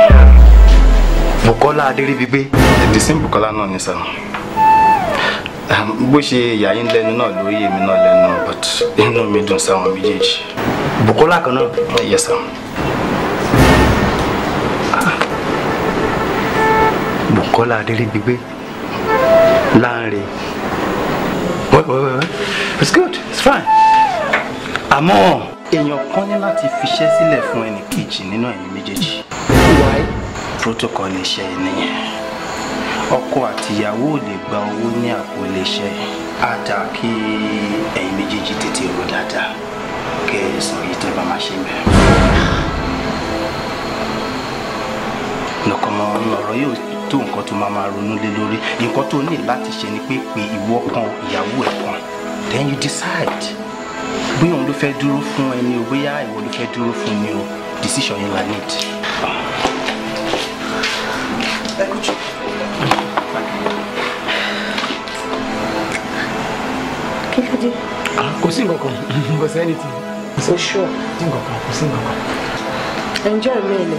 Bọ́lá Adéríbigbé. the same Bùkọ́lá náà ni sir ehm, bó ṣe yà yín lẹ́nu náà ló yé mi náà lẹ́nu but inú mi dùn sáwọn méjèèjì. Bùkọ́lá kan náà. yes sir. Ah. Bùkọ́lá Adéríbigbé Láńre wait wait wait it's good it's fine àmọ́ èèyàn kan ní láti fiṣẹ́ sílẹ̀ fún ẹnì kejì nínú ẹ̀yin méjèèjì protocol iléeṣẹ́ yìí nìyẹn ọkọ àtìyàwó ò lè gba owó ní àpò iléeṣẹ́ á dáa kí ẹ̀yin méjèèjì tètè rò dáadáa kẹ́ ẹ sọ yìí tẹ́ bá máa ṣe bẹ́ẹ̀. lọ́kọ̀mọ́ ọ̀rọ̀ yóò tó nǹkan tó máa máa ronú lé lórí nǹkan tó ní láti ṣe ni pé pé ìwọ kan ìyàwó ẹ̀ kan then you decide bí òun ló fẹ́ dúró fún ẹni o bóyá ìwọ ló fẹ́ dúró fún ni o decision yẹn la need. Uh. Escuche. Kíkadé. Kò sí nǹkan kan, kò sí anything. Kò sure. Kò sí nǹkan kan, kò sí nǹkan kan. Enjoy meal.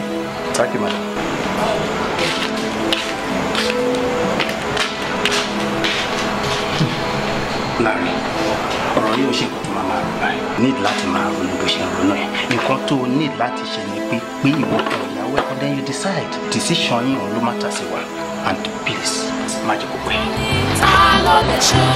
Thank you, madam. Larry, ọ̀rọ̀ yóò ṣe kòtò máa máa rò báyìí. Need láti máa ronú bó ṣe ń ronú ẹ̀. Nǹkan tó need láti ṣe ni pé pé ìwọ́n welcome then you decide decision yín òun ló má ta and please má jẹ́ kó mi ta ló lè jẹ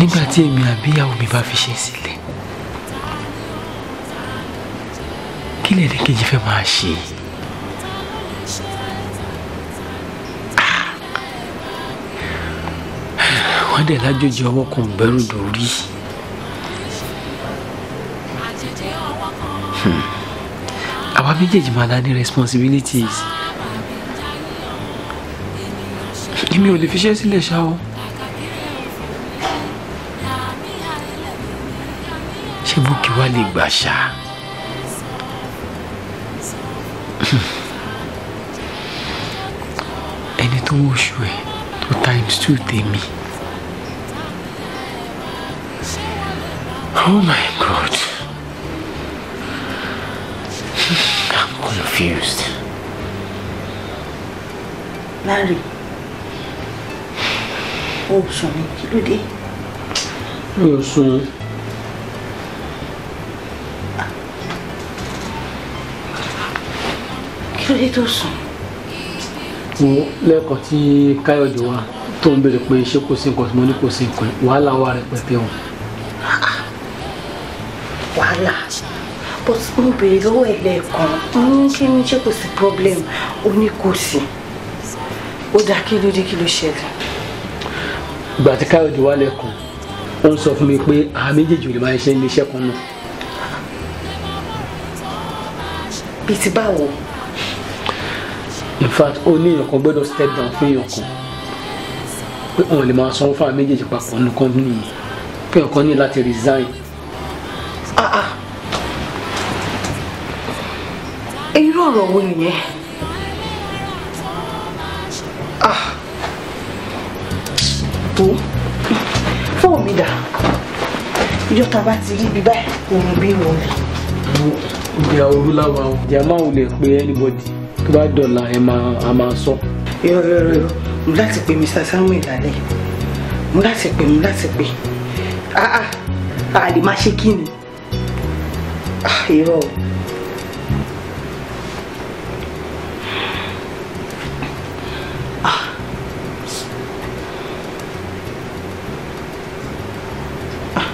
nígbà tí èmi àbíyàwó mi bá fi ṣe sílẹ̀. kí lẹ́ni kejì fẹ́ máa ṣe. wọ́n dẹ̀ lájòjì ọwọ́ kan bẹ̀rù dòrí. àwa méjèèjì máa dání responsibilities. èmi ò lè fiṣẹ́ sílẹ̀ ṣá o. ṣé bókì wá lè gbà ṣáá. Two oṣù two times two tèmi. Oh my God. I'm confused. Larry, oh sorry, Mi ò sùn. Kí sun tó sùn? lẹ́ẹ̀kan tí káyọ̀dé wa tó ń béèrè pé ṣé kò sí nǹkan tí mo ní kò sí nǹkan wàhálà wà rẹpẹtẹ o. wàhálà bó ti ń béèrè lọ́wọ́ ẹ̀ lẹ́ẹ̀kan ń ṣe ní ṣé kò sí problem ó ní kò sí ó dá kí ló dé kí ló ṣẹlẹ̀. ìgbà tí káyọ̀dé wa lẹ́ẹ̀kan ó ń sọ fún mi pé àwọn méjèèjì ò lè máa ṣe ní iṣẹ́ kan náà. bíi ti báwo in fact ó ní èèyàn kan gbọ́dọ̀ step down fún èèyàn kan pé òun lè máa sanwó fáwọn méjèèjì papọ̀ nínú company yìí pé èèyàn kan ní láti resign ah ah irú ọ̀rọ̀ wo nìyẹn ah tó fóònù mi dà ìjọ ta bá ti rí ibi báyìí òun bí wọn. ìyá olú làwọn máa ń lè pe anybody tó bá dọ̀la ẹ máa a máa sọ. yọ̀rọ̀yọ̀rọ̀ mo láti pè Mr. Samuel lálẹ́ mo láti pè mo láti pè ah ah àlè má ṣe kí ni ah irọ́ o. Ah. Ah.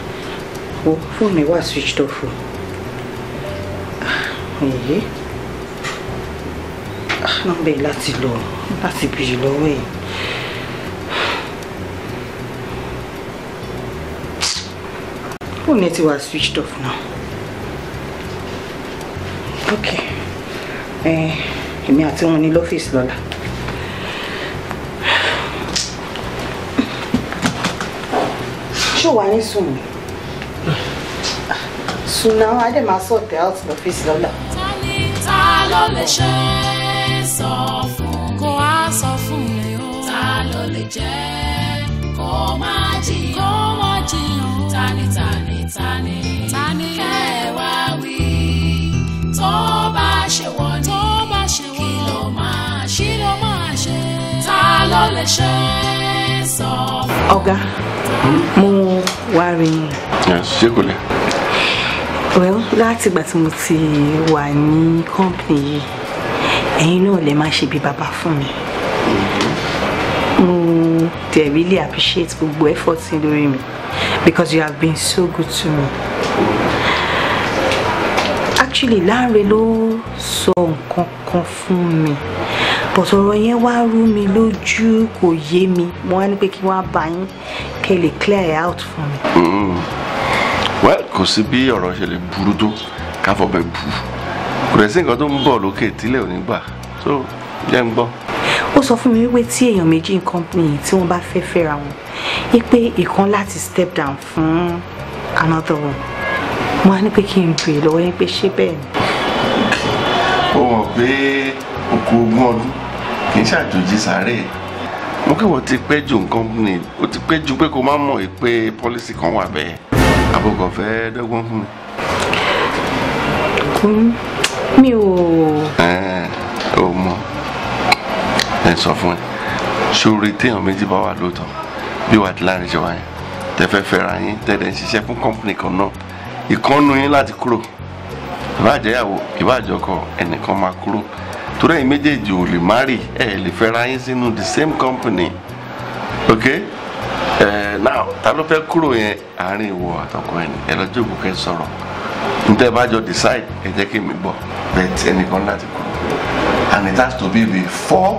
fóònù mi wà switched off o. Ah, nọ́mbà yìí láti lọ láti bèrè lọ́wọ́ yìí. phone net was switched off now. Okay. Èmi àti wọn ní lọ́fíìsì lọ́la. Ṣé wàá ní sùn? Sùn náà, Adé máa sọ̀tẹ̀ out lọ́fíìsì lọ́la. Ta ló lè ṣe é? jẹ́ kó má jiyàn kó má jiyàn tani tani tani tani kẹwà wí tó bá ṣe wọ ni tó bá ṣe wọ kí ló máa ṣe kí ló máa ṣe ta ló lè ṣe sọ. ọ̀gá mo wá rí i. ṣé kò lè. well láti ìgbà tí mo ti wà ní company yìí ẹ̀yin náà lè má ṣe bí bàbá fún mi. Mm-hmm. They really appreciate gbogbo effort in doing me because you have been so good to me actually Lanre ló so nǹkan kan fún but ọ̀rọ̀ yẹn wá rú mi lójú kò yé mi mo wá ní pé kí wọ́n á bá yín kẹ́ clear it out for me? Mm-hmm. well kò sí bí ọ̀rọ̀ ṣe lè burú tó káfọ̀ bẹ́ẹ̀ bù kò dẹ̀ sí nǹkan tó ń bọ̀ lókè tílẹ̀ ò ní gbà so jẹ́ ń gbọ́ ó sọ fún mi wípé tí èèyàn méjì ní company tí wọ́n bá fẹ́ fẹ́ra wọn wípé ìkan láti step down fún another one mo á ní pé kí n béèrè lọ́wọ́ yín pé ṣé bẹ́ẹ̀ ni. ó mọ̀ pé oko ogún ọdún kì í ṣàjòjì sáré mo kí wọ́n ti pẹ́ ju nǹkan ní o ti pẹ́ ju pé kó má mọ̀ pé pọ́lísì kan wà bẹ́ẹ̀ àbùkọ̀ fẹ́ dọ́gbọ́n fún mi. mi ò. ẹ ò mọ̀ ẹ sọ fún yín ṣòro téèyàn méjì bá wà lóòótọ́ bí wàá di láàrin ìjọba yẹn tẹfẹ́ fẹ́ra yín tẹ̀dẹ̀ ń ṣiṣẹ́ fún kọ́mpìnì kan náà ìkànnù yín láti kúrò ìbáàjẹyàwó ìbáàjọkọ ẹnìkan máa kúrò torí ẹ̀yin méjèèjì ò lè marry ẹ lè fẹ́ra yín sínú the same company ok ẹ now ta ló fẹ́ kúrò yẹn àárín ìwọ àtọkọ ẹni ẹ lọ́jọ́ ìbùkẹ́ sọ̀rọ̀ níta bá jọ decide ẹ jẹ́ kí mi gbọ́ bẹ́ẹ̀ tí ẹnìkan láti kúrò and it has to be before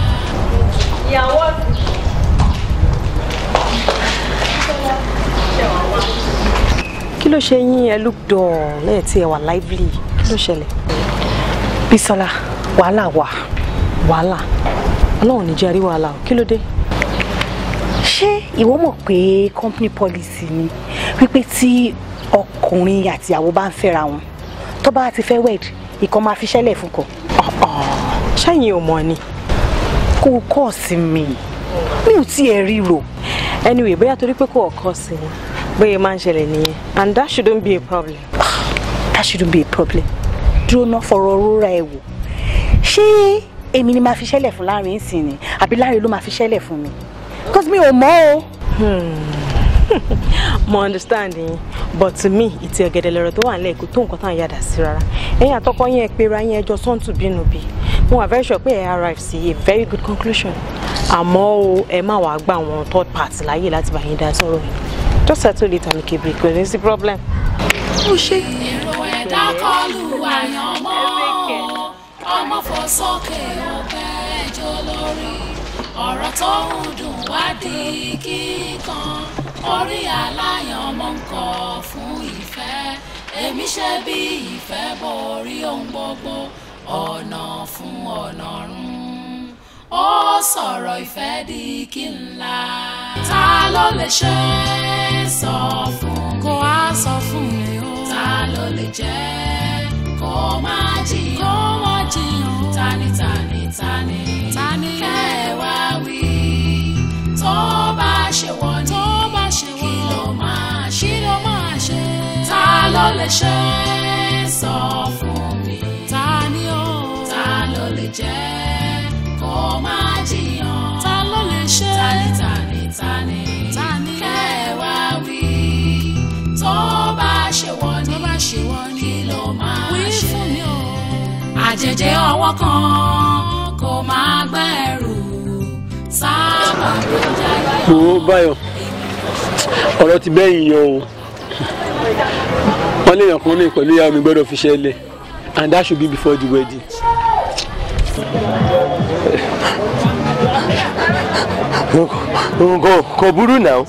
ìyàwó ọ̀sìn. kí ló ṣe yín ẹ look dull lẹ́yìn tí ẹ wà lively kí ló ṣẹlẹ̀. Bísọ́lá wàhálà wà wàhálà ọlọ́run ní jẹ́rí wàhálà o kí ló dé. ṣé ìwọ mọ̀ pé company policy ni wípé tí ọkùnrin àtìyàwó bá ń fẹ́ra wọn tó bá ti fẹ́ wed ìkan máa fi ṣẹlẹ̀ fún kọ. ṣẹ́yìn ò mọ̀ ni kó o kọ́ sí mi mi ò tiẹ̀ ríro anyway bóyá torí pé kó o kọ́ sí mi bóyá máa ń ṣẹlẹ̀ nìyẹn and that shouldn't be a problem. that shouldn't be a problem dúró náà fọ̀rọ̀ rora ẹ̀ wò ṣé èmi ni máa fi ṣẹlẹ̀ fún láàrin ìsìn ni àbí láàrin ló máa fi ṣẹlẹ̀ fún mi because mi ò mọ̀ o. Hmm. mo understand yín but to me ìtì ọ̀gẹ̀dẹ̀ lọ̀rọ̀ tó wà nílẹ̀ kò tó nǹkan tá à ń yàdà sí rárá ẹ̀yin àtọkọ yẹn pera yẹn ẹjọ́ sọ́ǹtù bínú bíi mo wà very sure pé ẹ arrive sí a very good conclusion àmọ́ o ẹ má wàá gba àwọn third party láyè láti bá dá sọ̀rọ̀ yìí just settle it amicably kò ní sí problem. mo ṣe. èrò ẹ̀dá kọlù àyànmọ́ ọmọ fọ sókè ọbẹ̀ ẹjọ́ lórí ọ̀rọ̀ tó ń dùn wá di kíkan orí aláyànmọ́ ń kọ fún ìfẹ́ èmi ṣe bí ìfẹ́ borí ohun gbogbo ọ̀nà fún ọ̀nà run ó sọ̀rọ̀ ìfẹ́ di kí ńlá ta ló lè ṣe sọ fún mi kó a sọ fún mi o ta ló lè jẹ́ kó má jiyàn kó má jiyàn tani tani tani tani kẹwàá wí tó bá ṣe wọ́n ni tó bá ṣe wọ́n kí ló máa ṣe kí ló máa ṣe ta ló lè ṣe sọ fún mi jẹ́ kó má jiyàn. ta ló lè ṣe. tani tani tani. tani. kẹwà wí. tó bá ṣe wọ́n ní. tó bá ṣe wọ́n ní. kí ló máa ṣe. wí fún mi o. àjẹjẹ ọwọ́ kan kò máa gbẹ́ ẹrù. sábà ló jayọ. wo báyọ̀ ọ̀rọ̀ ti bẹ́yìn yọ o wọ́n léèyàn kan ní ìpẹ̀lú ìyá mi gbọ́dọ̀ fi ṣẹlẹ̀ and that should be before the wedding kò go, go! náà now.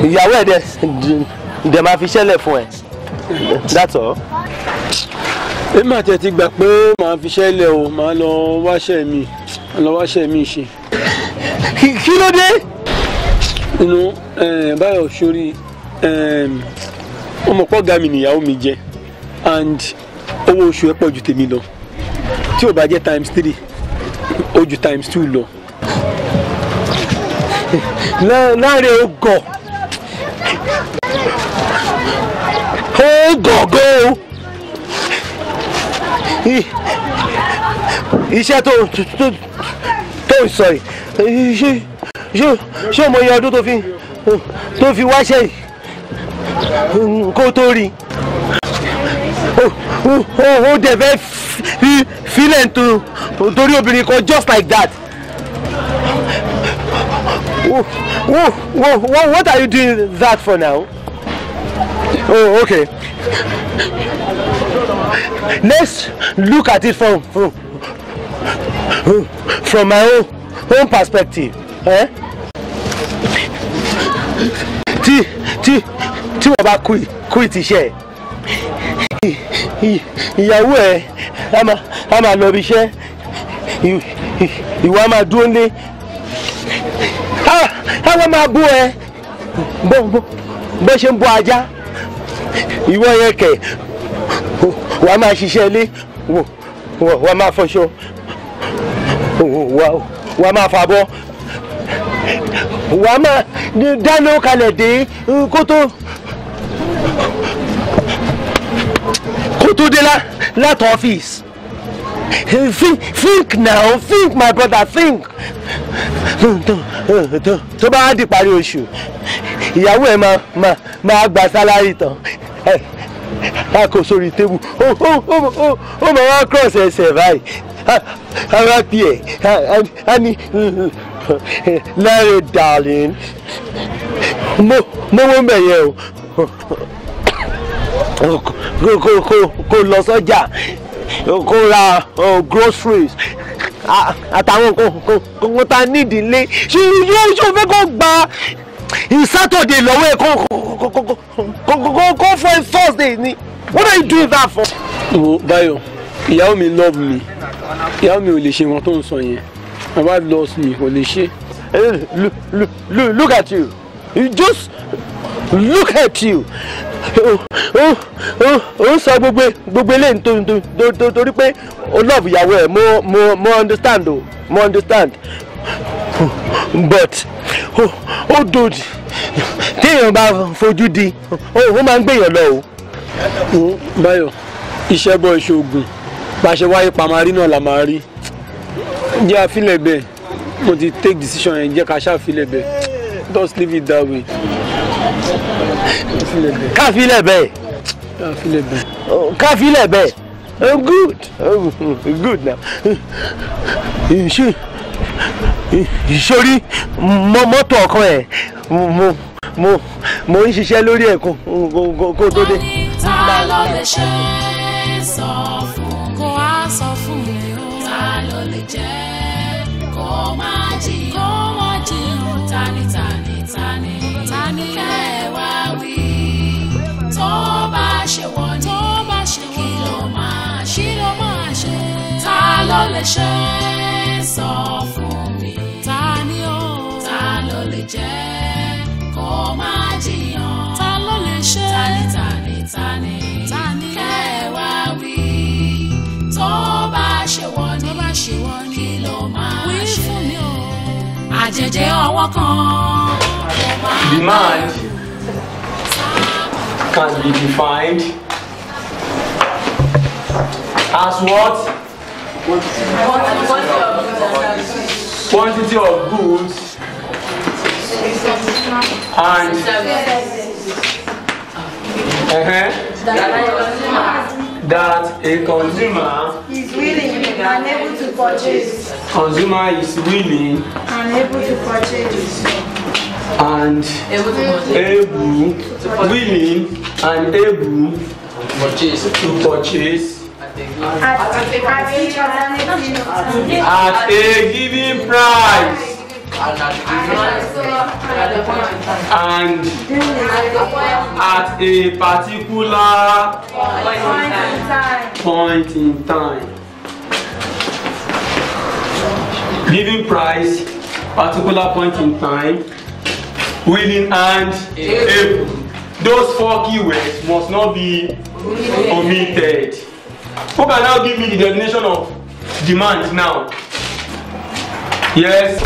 ìyàwó yeah. dẹ̀ dẹ̀ máa fi official fún ẹ that's all. èmi àti ẹ̀ ti gbà pé màá fi ṣẹlẹ̀ o màá lọ wáṣẹ́ mi lọ wáṣẹ́ mi ṣe. kí ló dé. inú báyọ̀ sórí ọmọ pọ́gà mi nìyàwó mi jẹ́ and owó oṣù ẹ pọ̀ ju tèmi lọ tí ò bá jẹ́ times three ó ju times two lọ láàrin ogọ̀ ogọ̀gọ̀ iṣẹ́ tó tó sọ̀rọ̀ ṣé mo yẹ ọdún tó fi wáṣẹ́ kó tó rí Oh, oh, ó dẹ̀ fẹ́ to nítorí obìnrin kan just like that. Oh, oh, oh, What are you doing that for now? Oh, okay. Let's look at it from from, from my own own perspective. Eh? Tí tí tí wọ́n bá quit quit iṣẹ́ ìyàwó ẹ a máa lọ ibi iṣẹ́ ìwà máa dúró lé àwọn máa bú ẹ bó ṣe ń bọ ajá ìwọ yẹn kẹ wàá máa ṣiṣẹ́ ilé wàá máa fọṣọ wàá máa fàbọ́ wàá máa dáná kalẹ̀ dé kótó kó tó dé think think now think my brother think tó bá wá di parí oṣù ìyàwó ẹ ma ma. máa gba sálárì tán a Oh, oh, oh, oh, oh. My cross is ẹsẹ̀ ha, ha. pì ẹ̀ ha, ní Larry darling mo mo mo, bẹ̀yẹ̀ o kó lọ sọ́jà kó ra groceries àtàwọn nǹkan tá a nídìí lé ṣé ṣé o fẹ́ kó gba Saturday lọ́wọ́ ẹ̀ kó fún ẹ Thursday ni what are you doing that for. wo Báyọ̀ ìyàwó mi love me ìyàwó mi ò lè ṣe wọn tó ń sọ yẹn bàbá lost me ò lè ṣe. Eh, look at you you just look at you ó sọ gbogbo gbogbo eléyìí torí pé o love ìyàwó ẹ mo mo mo understand o mo understand but ó dòdì téèyàn bá fojú di ó máa ń gbèyàn lọ o. báyọ̀ iṣẹ́ bọ́ ìṣoògùn bá a ṣe wáyé pamari náà la máa rí jẹ́ àfilẹ̀ bẹ́ẹ̀ mo ti take decision yẹn jẹ́ ká ṣàfilẹ̀ bẹ́ẹ̀ just leave it that way káfílẹ̀ bẹ́ẹ̀. káfílẹ̀ bẹ́ẹ̀. káfílẹ̀ bẹ́ẹ̀. Oh, good. Oh, good now. Ṣé ìṣorí mọ́tò ọkàn ẹ̀ mo mo mo ń ṣiṣẹ́ lórí ẹ̀ kó tó dé. ta ló lè ṣe é sọ fún. ṣe wọ́n ní kí ló máa ṣe ta ló lè ṣe sọ fún mi ta ni ó ta ló lè jẹ́ kó máa jiyàn ta ló lè ṣe tani tani tani tani kẹwàá wí tó bá ṣe wọ́n ní kí ló máa ṣe àjẹjẹ ọwọ́ kan ló máa can be defined as what? Quantity of goods and uh-huh, that a consumer is willing and able to purchase. Consumer is willing and able to purchase and able, willing and able to purchase at a given price and at a particular point in time Given price particular point in time willing and able. Those four keywords must not be omitted. Who can now give me the definition of demand now? Yes.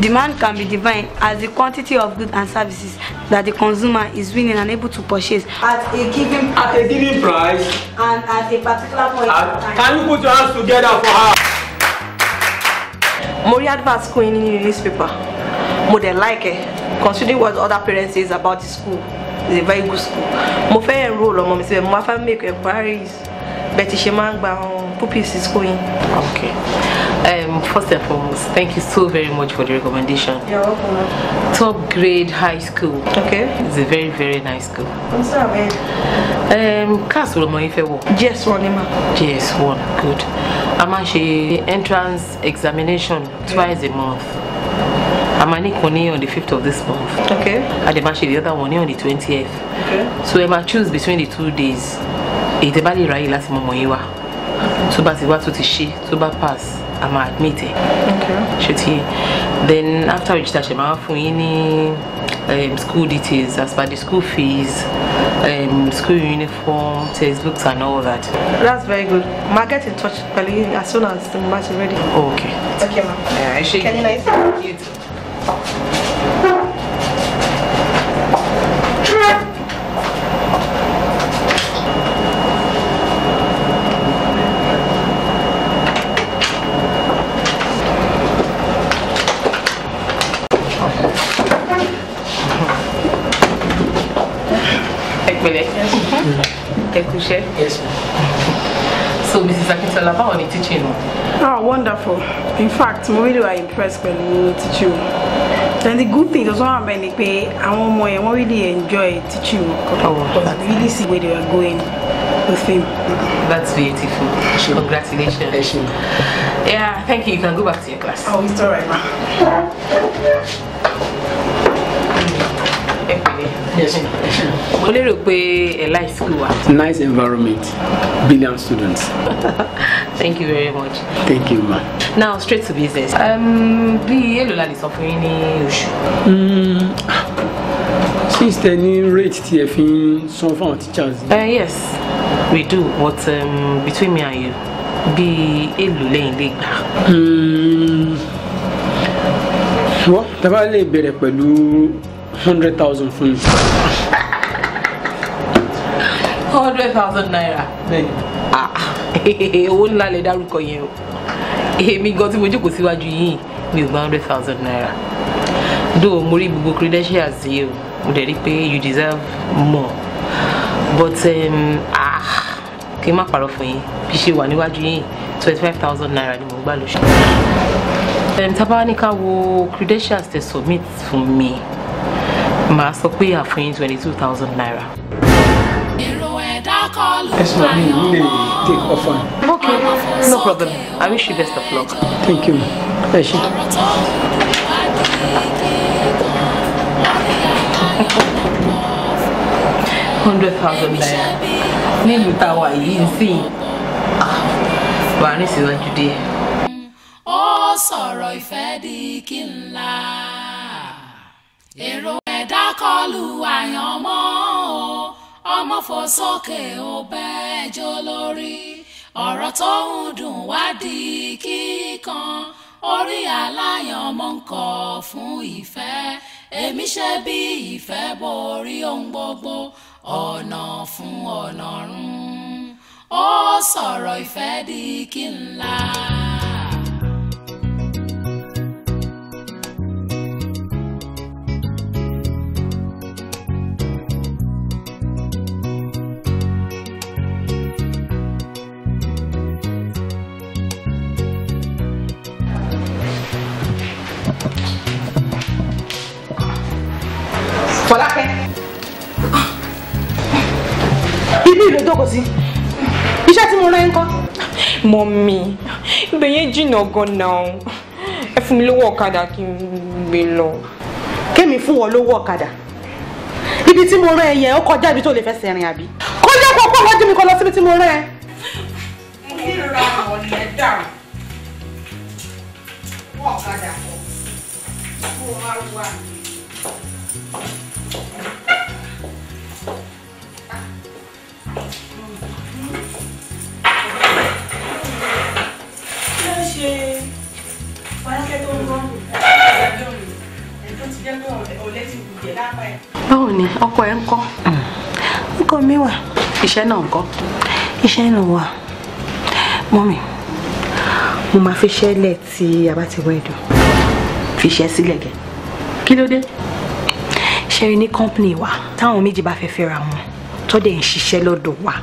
Demand can be defined as the quantity of goods and services that the consumer is willing and able to purchase at a given At a given price. And at a particular point at, in time. Can you put your hands together for her? Moriadvas Vasco in the newspaper mo dẹ̀ like eh. considering what other parents say about the school it's a very good school mo fẹ́ enroll ọmọ mi síbẹ̀ mo fẹ́ make enquiries bẹ́ẹ̀ ti ṣe máa ń gba pupils school yín. okay um, first and foremost thank you so very much for the recommendation. you're welcome. top grade high school. okay it's a very very nice school. i'm sorry. Um, class wo lọmọ yín fẹ́ wọ̀. js one ni ma. js one good a máa ṣe entrance examination twice a month. Amani Kone on the 5th of this month. Okay. I'm Ademashi the other one on the 20th. Okay. So I'ma choose between the two days. It's a right last láti mọ̀mọ́ yín wá. Tó wá tó ti ṣe tó bá pass a máa admit ẹ̀. Ṣé ti Then after register i máa fún any ní um, school details as per the school fees. Um, school uniform, textbooks and all that. That's very good. Ma get in touch as soon as the match is ready. okay. Okay, ma'am. Yeah, Can you nice? Yes, ma'am. So, Mrs. Akintola, báwo ni teaching? Oh, wonderful. In fact, mo really were impressed pẹ̀lú teaching. and the good thing is, also happen ni pé àwọn ọmọ yẹn wọ́n really enjoy teaching wọn oh, because we really see where they are going with him. That's beautiful. Sure. Congratulations. Sure. Yeah, thank you. You can go back to your class. Oh, it's all right, ma. Yes. Mo lérò pé ẹ láì school Nice environment, brilliant students. Thank you very much. Thank you, ma now straight to business. Um, èlò la lè san fún yín ní oṣù. Hmm. since ten ní rate tí ẹ fi ń san fún àwọn teachers. Uh, yes we do but um, between me and you bí èlò lẹ́yìn lè gbà. wọ́n hmm. tábà lè bẹ̀rẹ̀ pẹ̀lú hundred thousand fún mi. hundred thousand naira. bẹ́ẹ̀ni. Ah, owó ńlá lè dárúkọ yẹn o èmi gan tí mo jókòó síwájú yìí mi ò gba hundred thousand naira Do mo rí gbogbo credentials yìí o mo dẹ̀ rí pé you deserve more but um, ah kí n má parọ́ fún yín bí ṣe wà níwájú yín twenty five thousand naira ni mo gbà lóṣù. Um, tábà ní ká wo credentials tẹ submit fún mi màá sọ pé àfún yín twenty two thousand naira. èrò ẹ̀dá kọlù take wọ́n. No problem. I wish you best of luck. Thank you. Thank you. hundred thousand naira nílùú táwa yìí See. sìn ah, wà ní ìsìnwájú díẹ̀. ó sọ̀rọ̀ ìfẹ́ di kí n la èrò ẹ̀dá kọlù àyànmọ́ ọmọ fò sókè ó bẹ́ẹ̀ jó lórí ọ̀rọ̀ tó ń dùn wá di kíkan orí aláyàn ọmọ ń kọ fún ìfẹ́ èmi ṣe bí ìfẹ́ borí ohun gbogbo ọ̀nà fún ọ̀nà run ó sọ̀rọ̀ ìfẹ́ di kí ńlá. Fọlákẹ́ ibi ìlú ìjókòó sí iṣẹ́ tí mo rán yín kọ́. mọ̀mí ibẹ̀ yẹn jìnnà gan-an ẹ fún mi lówó ọ̀kadà kí n gbé lọ. kémi fún wọn lówó ọ̀kadà ibi tí mo rán ẹ yẹn ó kọjá ibi tó lè fẹsẹ̀ rìn àbí kó jẹ́ kó pọ̀ lọ́jọ́ mi kọ lọ síbi tí mo rán ẹ. mo ra ọ̀nà ẹ̀ dà ọ̀kadà kọ́ kó o máa wà ní báwo ni ọkọ ẹ ń kọ́ ọkọ mi wà iṣẹ́ náà ń kọ́ iṣẹ́ náà wà mọ́mì mo máa fi ṣẹ́lẹ̀ tí a bá ti wẹ̀ dùn fi ṣẹ́ sílẹ̀ gẹ̀ kí ló dé ṣe ní company wa táwọn méjì bá fẹ́ fẹ́ra wọn tó dẹ̀ ń ṣiṣẹ́ lọ́dọ̀ wa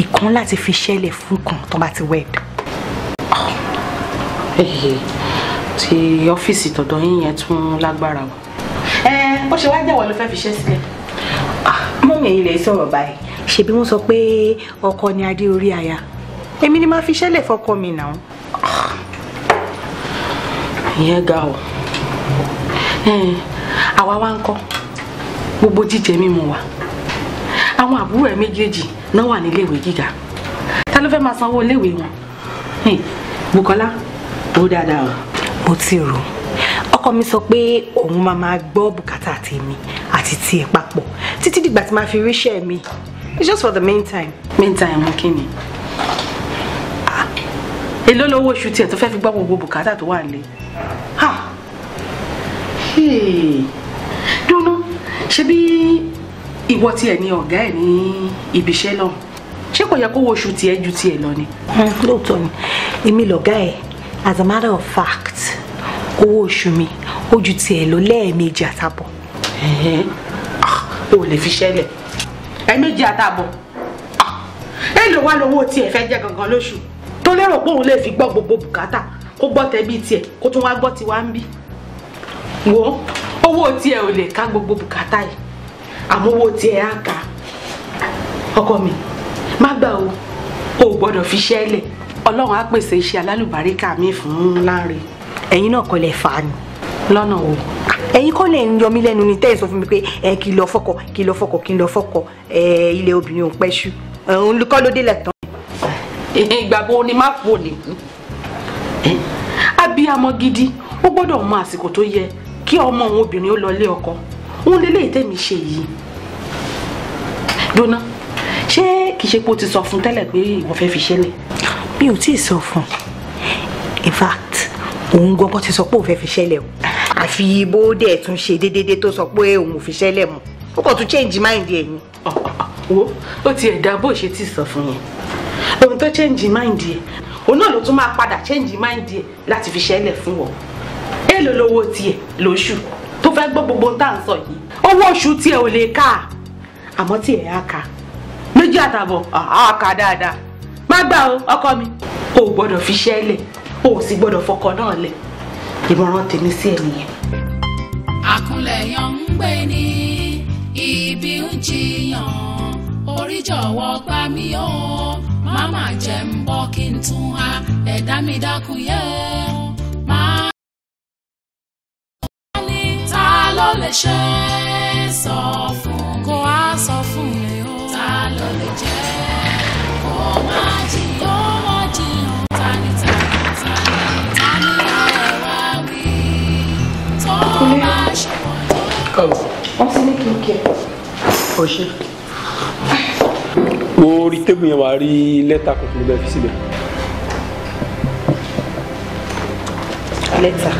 ìkan láti fi ṣẹlẹ̀ fún kan tó bá ti wed. Ah, eh, eh, ti ọ́fíìsì tọ̀dọ̀ yín yẹn tún lágbára o. ẹ bó ṣe wá jẹ́wọ́ ló fẹ́ fi ṣẹ́ sílẹ̀. Ah, mọ́mí ẹ̀yin lè sọ̀rọ̀ báyìí ṣebí wọ́n sọ pé ọkọ ni adé orí aya èmi ni máa fi ṣẹlẹ̀ fọkọ mi náà. Ah, ìyẹn ga o eh, àwa wá ń kọ́ gbogbo jíjẹ mímu wa àwọn àbúrò ẹ méjèèjì náà wà ní iléèwé gíga ta ló fẹ́ máa sanwó iléèwé wọn Bùkọ́lá ó dáadáa o. mo ti rò ọkọ mi sọ pé òun máa máa gbọ́ bùkátà tèmi àti tiẹ̀ papọ̀ títí dìgbà tí màá fi ríṣẹ́ mi it's just for the meantime. meantime mo kí ni ah, èló lówó oṣù tiẹ̀ tó fẹ́ fi gbọ́ gbogbo bùkátà tó wà nílé ṣé bí ìwọ tiẹ̀ ni ọ̀gá ẹ̀ ní ibiṣẹ́ náà ṣé kò yẹ kó wo oṣù tiẹ̀ ju tiẹ̀ lọ ni. Hmm, lóòótọ́ ni èmi lọ̀gá ẹ̀ as a matter of fact owó oṣù mi ó ju tiẹ̀ lọ lẹ́ẹ̀mejì àtàbọ̀. Ah, o lè fi ṣẹlẹ̀ ẹ̀ẹ̀mejì àtàbọ̀ ah, èlò wà lówó tiẹ̀ fẹ́ jẹ́ gangan lóṣù tó lérò pé òun lè fi gbọ́ gbogbo bùkátà kó gbọ́ tẹ́bí tiẹ̀ kó tún wá gbọ́ tiwa ń bí. wo owó tiẹ̀ ò lè ká gbogbo bùkátà yìí àmọ́ owó tiẹ̀ á ká ọkọ mi má gbà o o gbọ́dọ̀ fi iṣẹ́ lẹ̀ ọlọ́run á pèsè iṣẹ́ alálùbáríkà mi fún Lánre. ẹ̀yin náà kọ́ lẹ fà á ni. lọ́nà o. ẹ̀yin kọ́ lẹ ń yọ mí lẹ́nu ni tẹ́ ẹ̀ sọ fún mi pé ẹ kì í lọ fọ́kọ kì í lọ fọ́kọ kì í lọ fọ́kọ ilé obìnrin ò pẹ́ ṣú òun kọ́ ló délẹ̀ tán. ìgbàgbọ́ ni má fò nìkú abiyamọ gidi ó gbọ́dọ̀ mọ àsìkò tó yẹ kí ọmọ òun obìnrin ó lọ lé ọkọ òun lélẹ́yìí tẹ̀mí ṣe yìí dóná ṣé kì í ṣe pé o ti sọ fún tẹ́lẹ̀ pé ìwọ fẹ́ fi ṣẹlẹ̀. mi ò tí ì sọ fún in fact òun gbọ́gbọ́ ti sọ pé òun fẹ́ fi ṣẹlẹ̀ o àfi bó dẹ̀ tún ṣe déédéé tó sọ pé òun ò fi ṣẹlẹ̀ mu ó kàn tún change mind ẹ̀ ni. wo ó ti ẹ̀dá bó ṣe ti sọ fún yẹn ohun tó change mind ẹ̀ òun náà ló tún máa padà change mind ẹ̀ láti fi ṣẹlẹ̀ fún wọn èèlò lówó tiẹ̀ lóṣù tó fẹ́ gbọ́ gbogbo tá à ń sọ yìí owó oṣù tiẹ̀ ò lè ká àmọ́ tiẹ̀ á ka méjì àtàbọ̀ á dáadáa má gbà o ọkọ mi o ò gbọ́dọ̀ fi iṣẹ́ lẹ̀ o ò sì gbọ́dọ̀ fọkọ náà lẹ̀ ìmọ̀ràn tèmi sí ẹ̀ nìyẹn. àkúnlẹ̀yàn ń gbé ní ibi ń jiyàn orí jọ̀wọ́ gbá mi ó máma jẹ́ ń bọ́ kí n tún á ẹ̀dá mi dákun yẹ́ máa. ló lè ṣe é sọ fún mi? Kò á sọ fún mi o. Ta ló lè jẹ́ kó má jiyàn? Kó má jiyàn. Ta ni ta ni ta ni ta ni ọ̀rẹ́ wá wí? Tó bá ṣe wọ́n. Wọ́n ti ní kí n kí ẹ. Kò ṣe. Mo rí tébù yẹn wá rí lẹ́tà kọ̀ọ̀kan níbẹ̀ fi sílẹ̀. Lẹ́tà.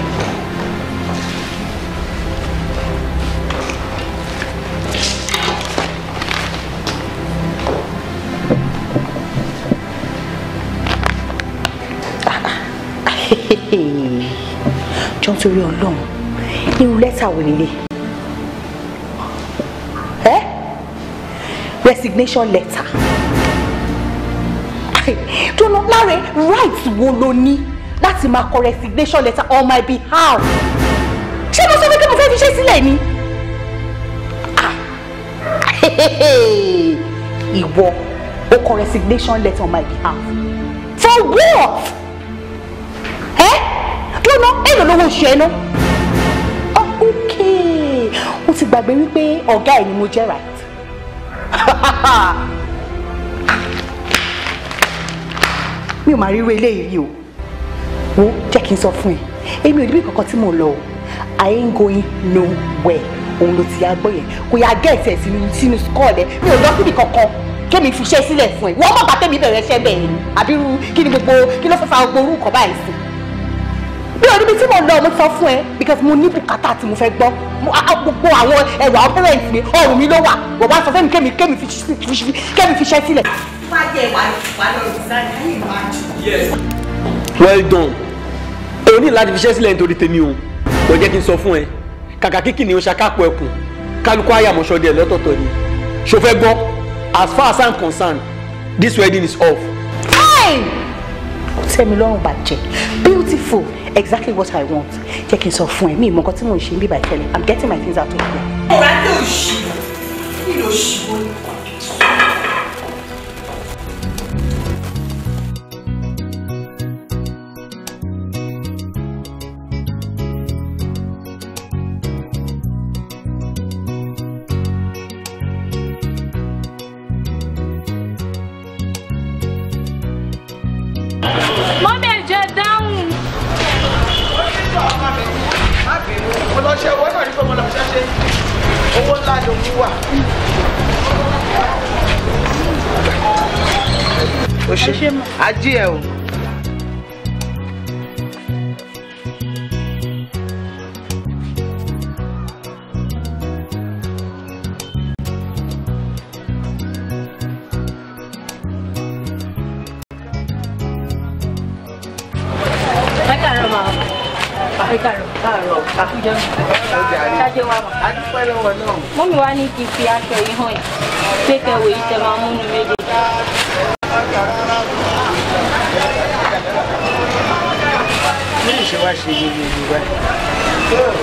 jọ́ torí ọlọ́run irú lẹ́tà wò lélẹ̀ ẹ́ resignation letter dúró láre right wo lo ní láti máa kọ resignation letter on my behalf ṣé mo sọ pé kí mo fẹ́ fi ṣe sílẹ̀ ni ah, ìwọ o kọ resignation letter on my behalf for what? ná èlò lówó oṣù ẹ ná. Oh, ok o ti gbàgbé wípé ọ̀gá ẹ̀ ni mo jẹ́ right. mi ò máa ríro eléyìí o wo jẹ́ kí n sọ fún ẹ èmi ò níbi kankan tí mo lọ I ain't going nowhere òun ló ti agbọ́ yẹn kò yá gẹ̀ẹ́sì ẹ̀ sínú sínú skọ́ọ̀lẹ̀ mi ò lọ síbi kankan kémi fi iṣẹ́ sílẹ̀ fún ẹ wọ́n mọ̀ bá tẹ̀mí bẹ̀rẹ̀ iṣẹ́ bẹ́ẹ̀ ni àbí irú kí ni gbogbo kí ló fẹ́ fa gbogbo orúkọ báyìí sí mi ò níbi tí mo lọ mo sọ fún ẹ because mo ní bùkátà tí mo fẹ́ gbọ́ gbogbo àwọn ẹwà parent mi ọrùn mi ló wà wọ́n sọ fẹ́mi kémi kémi fi kémi sílẹ̀. wá jẹ lọ resign ayé ìwà jù. well done o ní láti fi ṣẹ́ sílẹ̀ nítorí tèmi o kò jẹ́ kí n sọ fún ẹ kàkà kíkì ni o ṣàkápọ̀ ẹkùn kálukú àyàmọ̀ṣọ́dẹ lọ́tọ̀ọ̀tọ̀ ni ṣo fẹ́ gbọ́ as far as I'm concerned this wedding is off. tẹ́mi lọ́rùn bàjẹ́ beautiful exactly what I want Taking so n me, fún ẹ mi ìmọ̀ nǹkan tí I'm getting my things out of here. ọ̀rá ló ṣì kí ló ṣì wọ́n. ají ẹ o. mọ́mí wa ní kí n fi aṣọ yìí hàn yìí pé kẹwèé yìí tẹ máa múnú méjèèjì. ṣe wá ṣe yeye yorùbá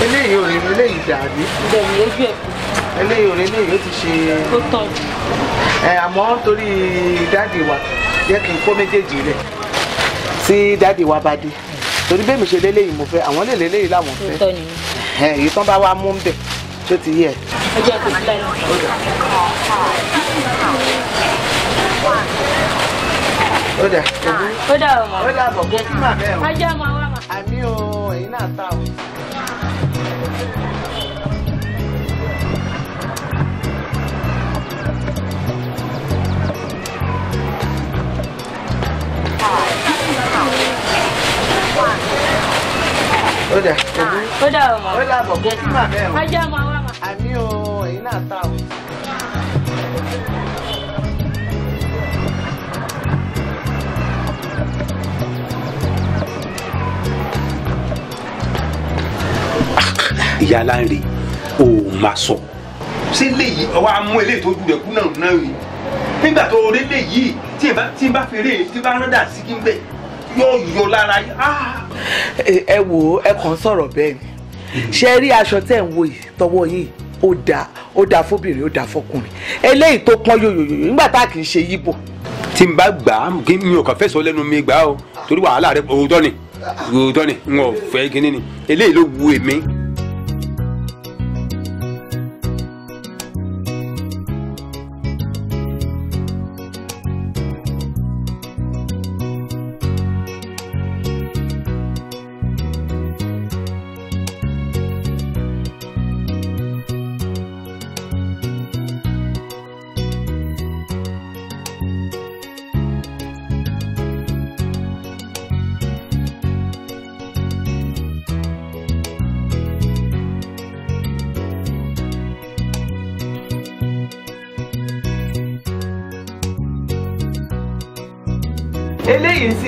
eléyìí ò eléyìí dàbí. bẹ̀rù lójú ẹ̀ kù. eléyìí ò eléyìí ó ti ṣe. ó tọ̀. ẹ àmọ́ torí dáàdì wa jẹ́ kí n kó méjèèjì rẹ̀ tí dáàdì wa bá dé torí bẹ́ẹ̀ mi ṣe léléyìí mo fẹ́ àwọn lè léléyìí làwọn fẹ́. ó tọ́ nìyí. èyí tán bá wá mú ń bẹ̀ ṣó ti yẹ. ẹ jẹ́ kó sílẹ̀ ó dà ó dà ọmọ ó dà bọ̀ bó kí màá bẹ́ẹ̀ o ajá ọmọ wa mà. àmì o èyí náà ta o. ó dà ó dà ọmọ ó dà bọ̀ bó kí màá bẹ́ẹ̀ o ajá ọmọ wa mà. àmì o èyí náà ta o. ìyá láńre o máa sọ. ṣé léyìí ọwọ́ amú eléyìí tó ju rẹ̀ kú náà náà rí nígbà tó rí léyìí tí n bá fèrè tí n bá rán dà sí kí n bẹ̀ yóò yọ lára yìí. Ah! ẹ wò ó ẹ kàn sọ̀rọ̀ bẹ́ẹ̀ ni ṣe rí aṣọ tẹ̀ ń wo yìí tọwọ́ yìí ó dáa ó dáa fóbìnrin ó dáa fọkùnrin eléyìí tó pọ́n yòyòyò nígbà tá a kì í ṣe yíbò tí n bá gbà á mi ò kàn fẹ́ sọ lẹ́nu mi gbà á o torí wàhálà rẹ òótọ́ ni òótọ́ ni n ò fẹ́ kínní ni eléyìí ló wu èmi.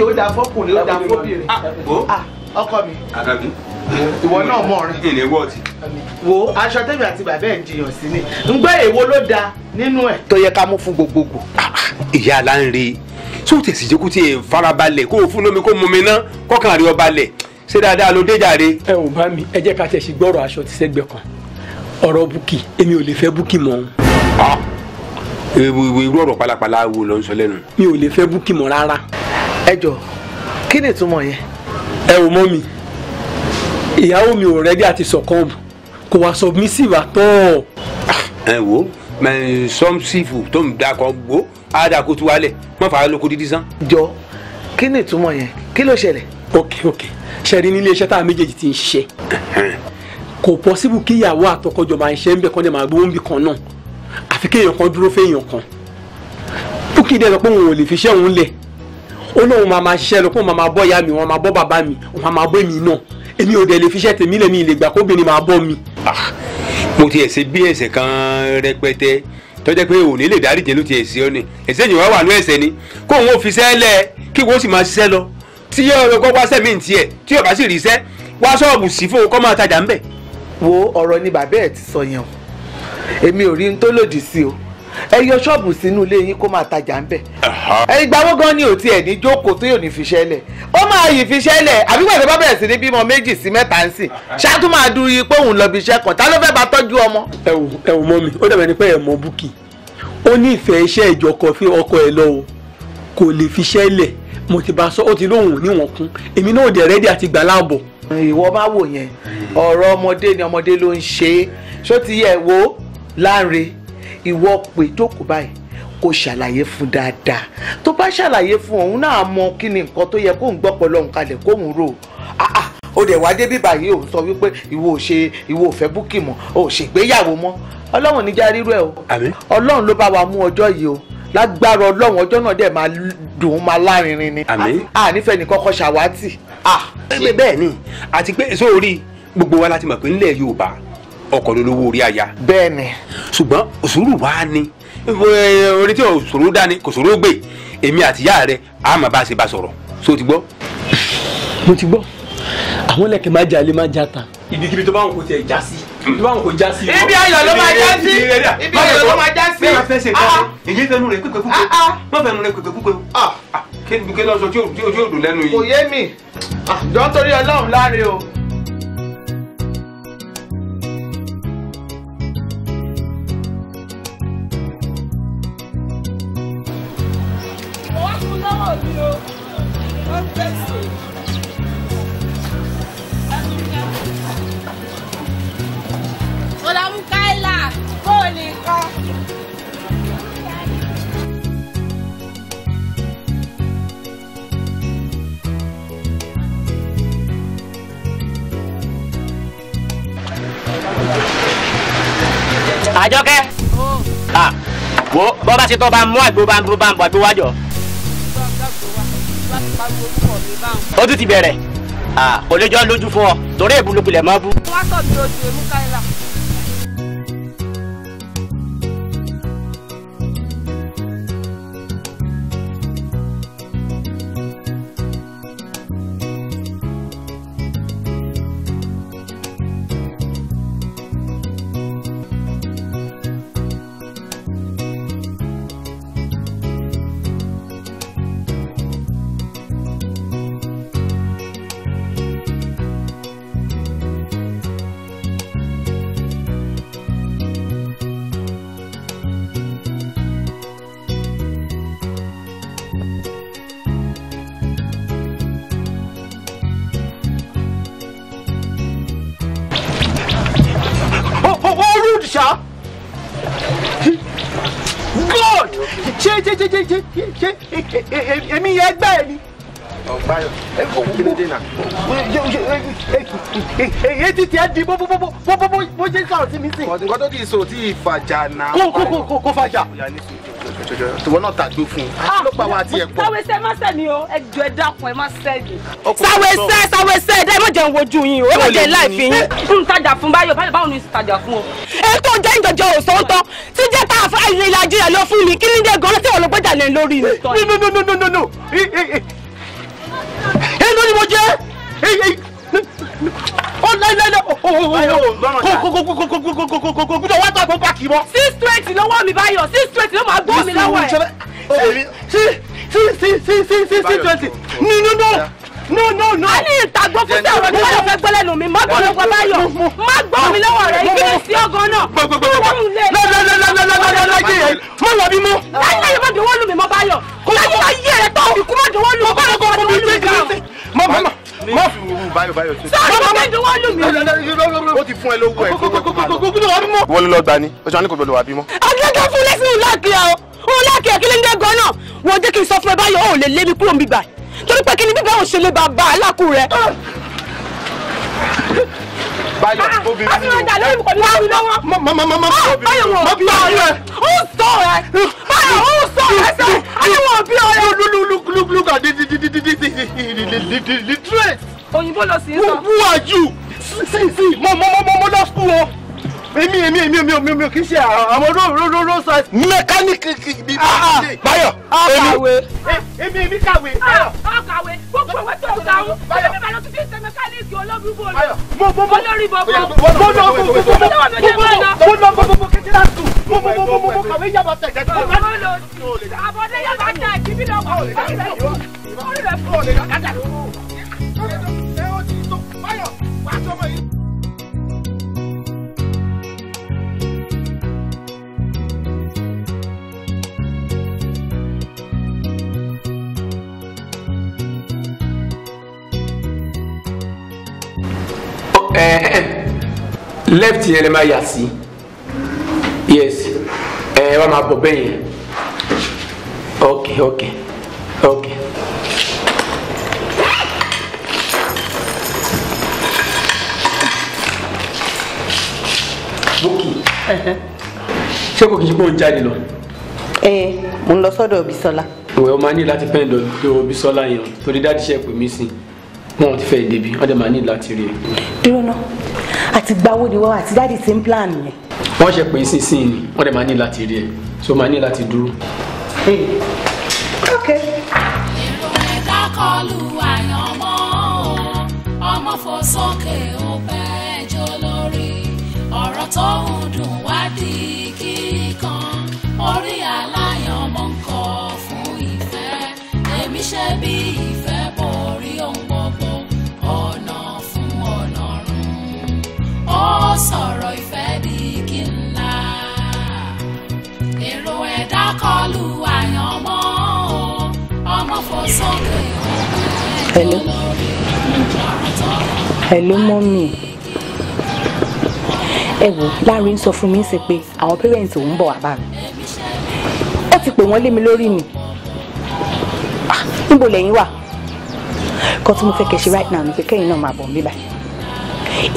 ṣe ó da fọkùnrin ó da fóbìnrin ah, ah, ọkọ mi ìwọ náà mọ ọrin ìní wọ́ọ̀tì. wo aṣọ tẹ́mi àti bàbá ẹ̀ ń jiyàn sí ni ǹgbẹ́ èwo ló da nínú ẹ̀. tó yẹ ká mú fún gbogbogbò. Ah, ìyá aláǹre tí ó tẹ̀sí jókòó tí ẹ farabalẹ̀ kó o fún lómi kó mumi ná kọ́kàn àrí ọba lẹ̀ ṣé dáadáa ló dé jàre. ẹ ò bá mi ẹ jẹ́ ká tẹ̀sí gbọ́rọ̀ aṣọ ti sẹ́gbẹ̀ kan ọ̀rọ̀ búkì èmi ò lè fẹ́ búkì mọ́. irú ọ̀rọ̀ pálapàla wo ló ń sọ lẹ́nu. mi ò lè fẹ́ búkì mọ́ rárá ẹ jọ kí ni ìtumọ̀ yẹn. ẹ ò mọ mi ìyàwó mi ò rẹ́dí àti sọ̀kan kò wá submissive àtọ́. ẹ wo mẹ sọmsífù tó ń dakọ̀ gbó àdàkó tí wàá lẹ̀ mọ́ fàá lóko dídí sán. jọ kí ni ìtumọ̀ yẹn kí ló ṣẹlẹ̀. ok ok ṣẹ̀rí nílé iṣẹ́ tá a méjèèjì ti ń ṣiṣẹ́ kò pọ́síbù kí ìyàwó àtọkọjọ máa ń ṣe ń bẹ̀ kán ní máa gbówó ń bì kan náà àfi kéèyàn kan dúró fẹ́yàn kan bùkì dẹ́rọ pé òun ò lè fi iṣẹ́ òun lẹ̀ ó lóun máa m'a ṣiṣẹ́ lọ kó máa máa bọ́ ìyá mi wọn máa bọ́ bàbá mi wọn máa bọ́ èmi náà èmi ò dẹ̀ lè fiṣẹ́ tèmi lẹ́mi ìlè gbà kóbìnrin máa bọ́ mi. Ah, mo ti ẹ̀sẹ̀ bí ẹ̀sẹ̀ kan rẹpẹtẹ tọ́jẹ́ pé òní lè dáríje ló ti ẹ̀sẹ̀ ọ́ ni ẹ̀sẹ̀ yìí wá wà ní ẹ̀sẹ̀ ni kó òun ò fi iṣẹ́ lẹ̀ kí wọ́n sì máa ṣiṣẹ́ lọ tí ọ̀rọ̀ kọ́ wá sẹ́mi tiẹ̀ tí ọ̀bá sì rí iṣẹ́ wá ṣọ́ọ̀bù sí fún kọ́ máa tajà ńbẹ̀. wo ọ̀rọ̀ ni bàbá ẹ̀ ti sọ yẹn ẹ yọ ṣọ́ọ̀bù sínú ilé yín kó máa tajà ń bẹ̀. ìgbà wo gan ni ò tiẹ̀ ní jókòó tó yóò ní fiṣẹ́ lẹ̀ ó máa yìí fiṣẹ́ lẹ̀ àbí gbàgbé bá bẹ̀rẹ̀ sí ní bímọ méjì sí mẹ́ta ń sìn ṣáàtú máa dúró yìí pé òun lọ bí iṣẹ́ kan ta ló fẹ́ bá tọ́jú ọmọ. ẹ wò ẹ wò mọ mi ó dàbẹ̀ ni pé ẹ mọ búkì ó ní ìfẹ́ iṣẹ́ ìjọkọ fi ọkọ ẹ lọ o kò lè fiṣẹ́ lẹ̀ mo ti bá sọ ó ti lóhùn níwọ̀n kún èmi náà dẹ̀ rẹ́dí àti gbà láàbọ̀. ìwọ bá wò yẹn ọ̀rọ̀ ọmọdé ni ọmọdé ló ń ṣe é ṣó ti yẹ wo láre ìwọ pé jókòó báyìí kó ṣàlàyé fún dáadáa tó bá ṣàlàyé fún òun náà mọ kí ni nǹkan tó yẹ kóun gbọ́ pọ̀lọ́ nǹkan lẹ̀ kóun rò áà o dẹ̀ wá débí báyìí òun sọ wípé ìwọ ò ṣe ìwọ ò fẹ́ búkì mọ́ o ò ṣègbéyàwó mọ́ ọlọ́run níjà rírú ẹ̀ o ọlọ́run ló bá wa mú ọjọ́ yìí o lágbára ọlọ́run ọjọ́ náà dẹ̀ máa dùn ún máa lárinrin ni a nífẹ̀ẹ́ ní kọ́kọ́ ṣàwátì. bẹ́ẹ̀ ni àti pé sórí gbogbo wa láti mọ̀ pé nílẹ̀ Yorùbá ọkọ lólówó orí aya. bẹ́ẹ̀ni. ṣùgbọ́n òṣòro wa ni orí tí òṣòro dá ni kò ṣòro gbé èmi àtìyá rẹ a máa bá a ṣe bá sọ̀rọ̀ so ti gbọ́. mo ti gbọ́ àwọn lẹ́kẹ̀ẹ́ máa jalè máa jata. ibikíbi tó bá wọn kò tẹ̀ já sí tó bá wọn kò já sí. ibi ayọ̀ ló máa já sí ibi ayọ̀ ló máa já sí. bẹ́ẹ̀ fẹ́ ṣe kẹ́sẹ̀ ah, ah. èyí fẹ́ nu rẹ̀ pípẹ́ púpẹ́ ah, má fẹ́ nu rẹ̀ pípẹ́ púpẹ́ kí ni kí lọ́sọ̀ tí yóò dùn lẹ́nu yìí. kò yé mi jọ́ torí ọlọ́run láre o. àjọkẹ́ oh. ah, wo bọ́ bá ṣe tọ́ bá mú àgbo bá ń dúró bá ń bọ̀ àgbéwájọ́ ó tún ti bẹ̀rẹ̀ kò lè jọ lójú fún ọ torí èbúlòkulẹ̀ máa bú. wọ́n á tọ̀ bí ojú emu káyọ̀ èyí ti tiẹ̀ di bó bó bó bó bó bó jẹ́ kàrọ̀tì mi sìn. nǹkan tó kì í sọ tí ìfàjà náà. kó kó kó kó fàjà. tòwọ́ náà tàgbé fún un. Ah! ló pa wá àti ẹ̀ pọ̀. sáwẹ́sẹ́ má sẹ́ni o ẹjọ́ ẹ dákun ẹ má sẹ́ni. sáwẹ́sẹ́ sáwẹ́sẹ́ ẹ̀dá ẹ má jẹun wojú yín o ẹ má jẹ láìfi yín. fún tajà fún báyọ̀ báyọ̀ báwo ni tajà fún o. ètò jẹ́ ìjọjọ òsòótọ́ tí jẹ́ tá a fẹ́ ìrìnàjò yẹn lọ fún mi kí ni jẹ́ gan-an tí wọ́n lọ gbọ́dọ̀ lẹ́ lórí mi. no no no no no no. èló ni mo jẹ́ kò gbúdọ̀ wá tàgbọ́n pàkì mọ́. six twenty lọ́wọ́ mi báyọ̀ six twenty ló máa gbọ́ mi lọ́wọ́ ẹ̀. sí sí sí sí sí sí twenty nínú náà no no no. a ní ìtàgbọ́ fún sí ọ̀rọ̀ tí wọ́n fẹ́ gbọ́ lẹ́nu mi má gbọ́ lọ́wọ́ báyọ̀ má gbọ́ mi lọ́wọ́ rẹ̀ kí ni sí ọgàn náà. gbogbogbò lọ́dọ̀ọ́dọ̀ọ́dọ̀ọ́dọ̀ lọ́jọ́ yẹn má lọ bí mú. láyé ayé má dùn wọ́n lù báyọ̀ báyọ̀ tó. sáà ló ń dún wá lù mí. ó ti fún ẹ lówó ẹ kókó kókó. wọ́n ló lọ gbani ó ṣe wá ní kò gbọdọ̀ wà bímọ. àgbẹ̀gẹ̀ fún lẹ́sìn láàkì ẹ̀ o láàkì ẹ̀ kí ló ń gẹ́ gan náà wọ́n jẹ́ kí n sọ fún ẹ báyọ̀ ó lè lé mi kúrò níbà torí pé kí ni bíbá òṣèlú bàbá aláàkú rẹ. báyọ̀ obìnrin ni o. a ti máa dà lórí kò ní wá mi lọ́wọ́. báyọ̀ wọn ò bí ọ̀rẹ́. ó sọ ẹ báyọ̀ ó sọ ẹ sẹ́ àyẹ̀wò ọ̀bí ọ̀rẹ́. lúlúlúlúlúlú òyìnbó ló sì sọ. who are you sí sí mo mo mo mo lọ school o èmi èmi èmi èmi èmi èmi kì í ṣe àwọn road road road road side. mẹkáníìkì bíi bíi báyọ̀ èmi èmi èmi kàwé. ọ kàwé gbogbo ìwé tó ń kàwé èmi bá lọ fi fi ṣe mẹkáníìkì olóbi bò lọ olórí bọ̀bọ̀. mo lọ mo mo mo mo mo lọ mo mo mo kékeré àtù mo mo mo mo mo kàwé yàrá tẹ̀gẹ́ tó. ọmọ lò sí àbọ̀dé yàrá tẹ̀ kí bí lọ́wọ́ orí rẹ̀ Eh, left yẹn lè máa yà sí yes ẹ eh, wá máa bọ̀ bẹ́ẹ̀ yẹn ok ok ok. ṣé kò kì í ṣe pé òun jáde lọ. ẹ mo ń lọ sọ́dọ̀ Bísọ́lá. ìwẹ̀ o máa ní láti pẹ́ẹ́n lọ́dọ̀ Bísọ́lá yẹn torí dáàdì ṣe pè mí sí wọn ti fẹ́ débi wọn dẹ̀ máa ní láti rí ẹ. dúró náà àti gbáwo ni wọn àti dáàdì ti ń plan yẹn. wọ́n ṣe pè é sínsìn ni wọ́n dẹ̀ máa ní láti rí ẹ so máa ní láti dúró. okay. ìlú ẹ̀dá kọlu àyànmọ́ ọmọ fò sókè o ọ̀rọ̀ tó ń dùn wá di kíkan orí aláyàn mọ̀ ń fún ìfẹ́ èmi ṣe bí ìfẹ́ borí ohun gbogbo ọ̀nà fún ọ̀nà run ó sọ̀rọ̀ ìfẹ́ di kí ńlá èrò ẹ̀dá kọlù àyànmọ́ ọmọ fò sókè òkè lórí ọ̀rọ̀ tó ń dùn. Hello, mommy ẹ wò láàrin sọ fún mi ń ṣe pé àwọn parents òun bọ̀ wá mi ó ti pè wọ́n lé mi lórí mi ah, níbo lẹ́yìn wà kan tí mo fẹ́ kẹ́ right now ni pé kẹ́yìn náà máa bọ̀ mí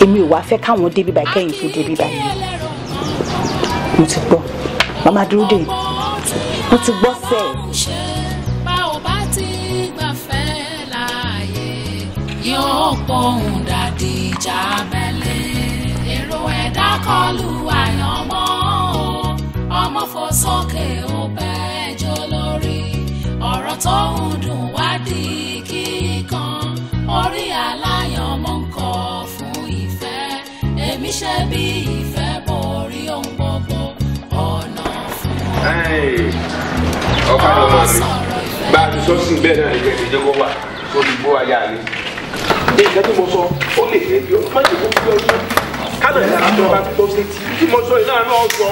èmi ò wá fẹ́ káwọn dé bíbá kẹ́yìn tó dé bíbá yìí mo ti gbọ́ màmá dúró dè mo ti gbọ́ sẹ́ẹ̀. yóò pọ̀hùn dàdí jábẹ́ akọlù àyànmọ́ ọmọ fò sókè ó bẹ́ jó lórí ọ̀rọ̀ tó ń dùn wá di kíkan orí aláyànmọ́ ń kọ fún ìfẹ́ èmi ṣe bí ìfẹ́ borí ohun gbogbo ọ̀nà fún ọkọ àlọ́ máa mi bá a ti sọ́sìn bẹ́ẹ̀ náà ìgbẹ́ ìdíjẹ́kọ̀ wà sórí ayá mi. ìgbà tí mo sọ ó lè fẹ́ bí ó má jẹ́ kó fi ọdún bẹ̀rẹ̀ láti ọba tó ṣe tí tí mo sọ iná náà sọ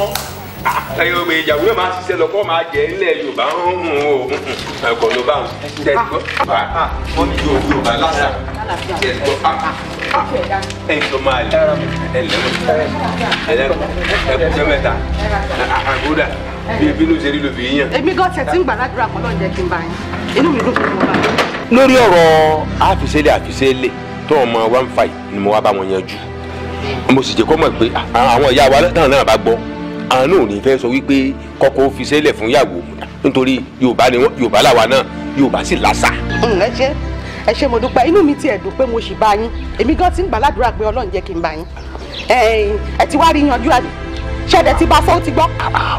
ẹyọ ọmọ ìyàwó náà máa ṣiṣẹ́ lọ kọ máa jẹ ńlẹ̀ Yorùbá ń hùn o ẹkọ ló bá wọn ṣe ẹgbọ wọn ní yóò Yorùbá lásà ṣe ẹgbọ ẹyin tó máa lè ẹlẹmọ ẹlẹmọ ẹkùnjẹ mẹ́ta àgùdà bí ebi ló ṣe rí lóbi yíyan. èmi gan tẹ̀ tí ń gbàdúrà kan náà kí n bá yín inú mi dùn fún lórí ọ̀rọ̀ àfìsẹ́lẹ̀ àfìsẹ́lẹ̀ tó ọmọ wa ń ni mo wá bá wọn yanjú mo sì jẹ́ kọ́ mọ̀ pé àwọn ìyá wa náà náà bá gbọ́ àwọn náà ò ní fẹ́ sọ wípé kọ́kọ́ fi sẹ́lẹ̀ fún ìyàwó nítorí yorùbá ni wọn yorùbá làwa náà yorùbá sì làṣà. ẹ ṣé ẹ ṣé mo dúpẹ́ inú mi ti ẹ̀ dùn pé mo sì bá yín èmi gan ti ń gbàládùra pé ọlọ́run jẹ́ kí n bá yín ẹ ti wá rí yanjú àbí ṣẹ̀dẹ̀ ti bá fọ́ ó ti gbọ́.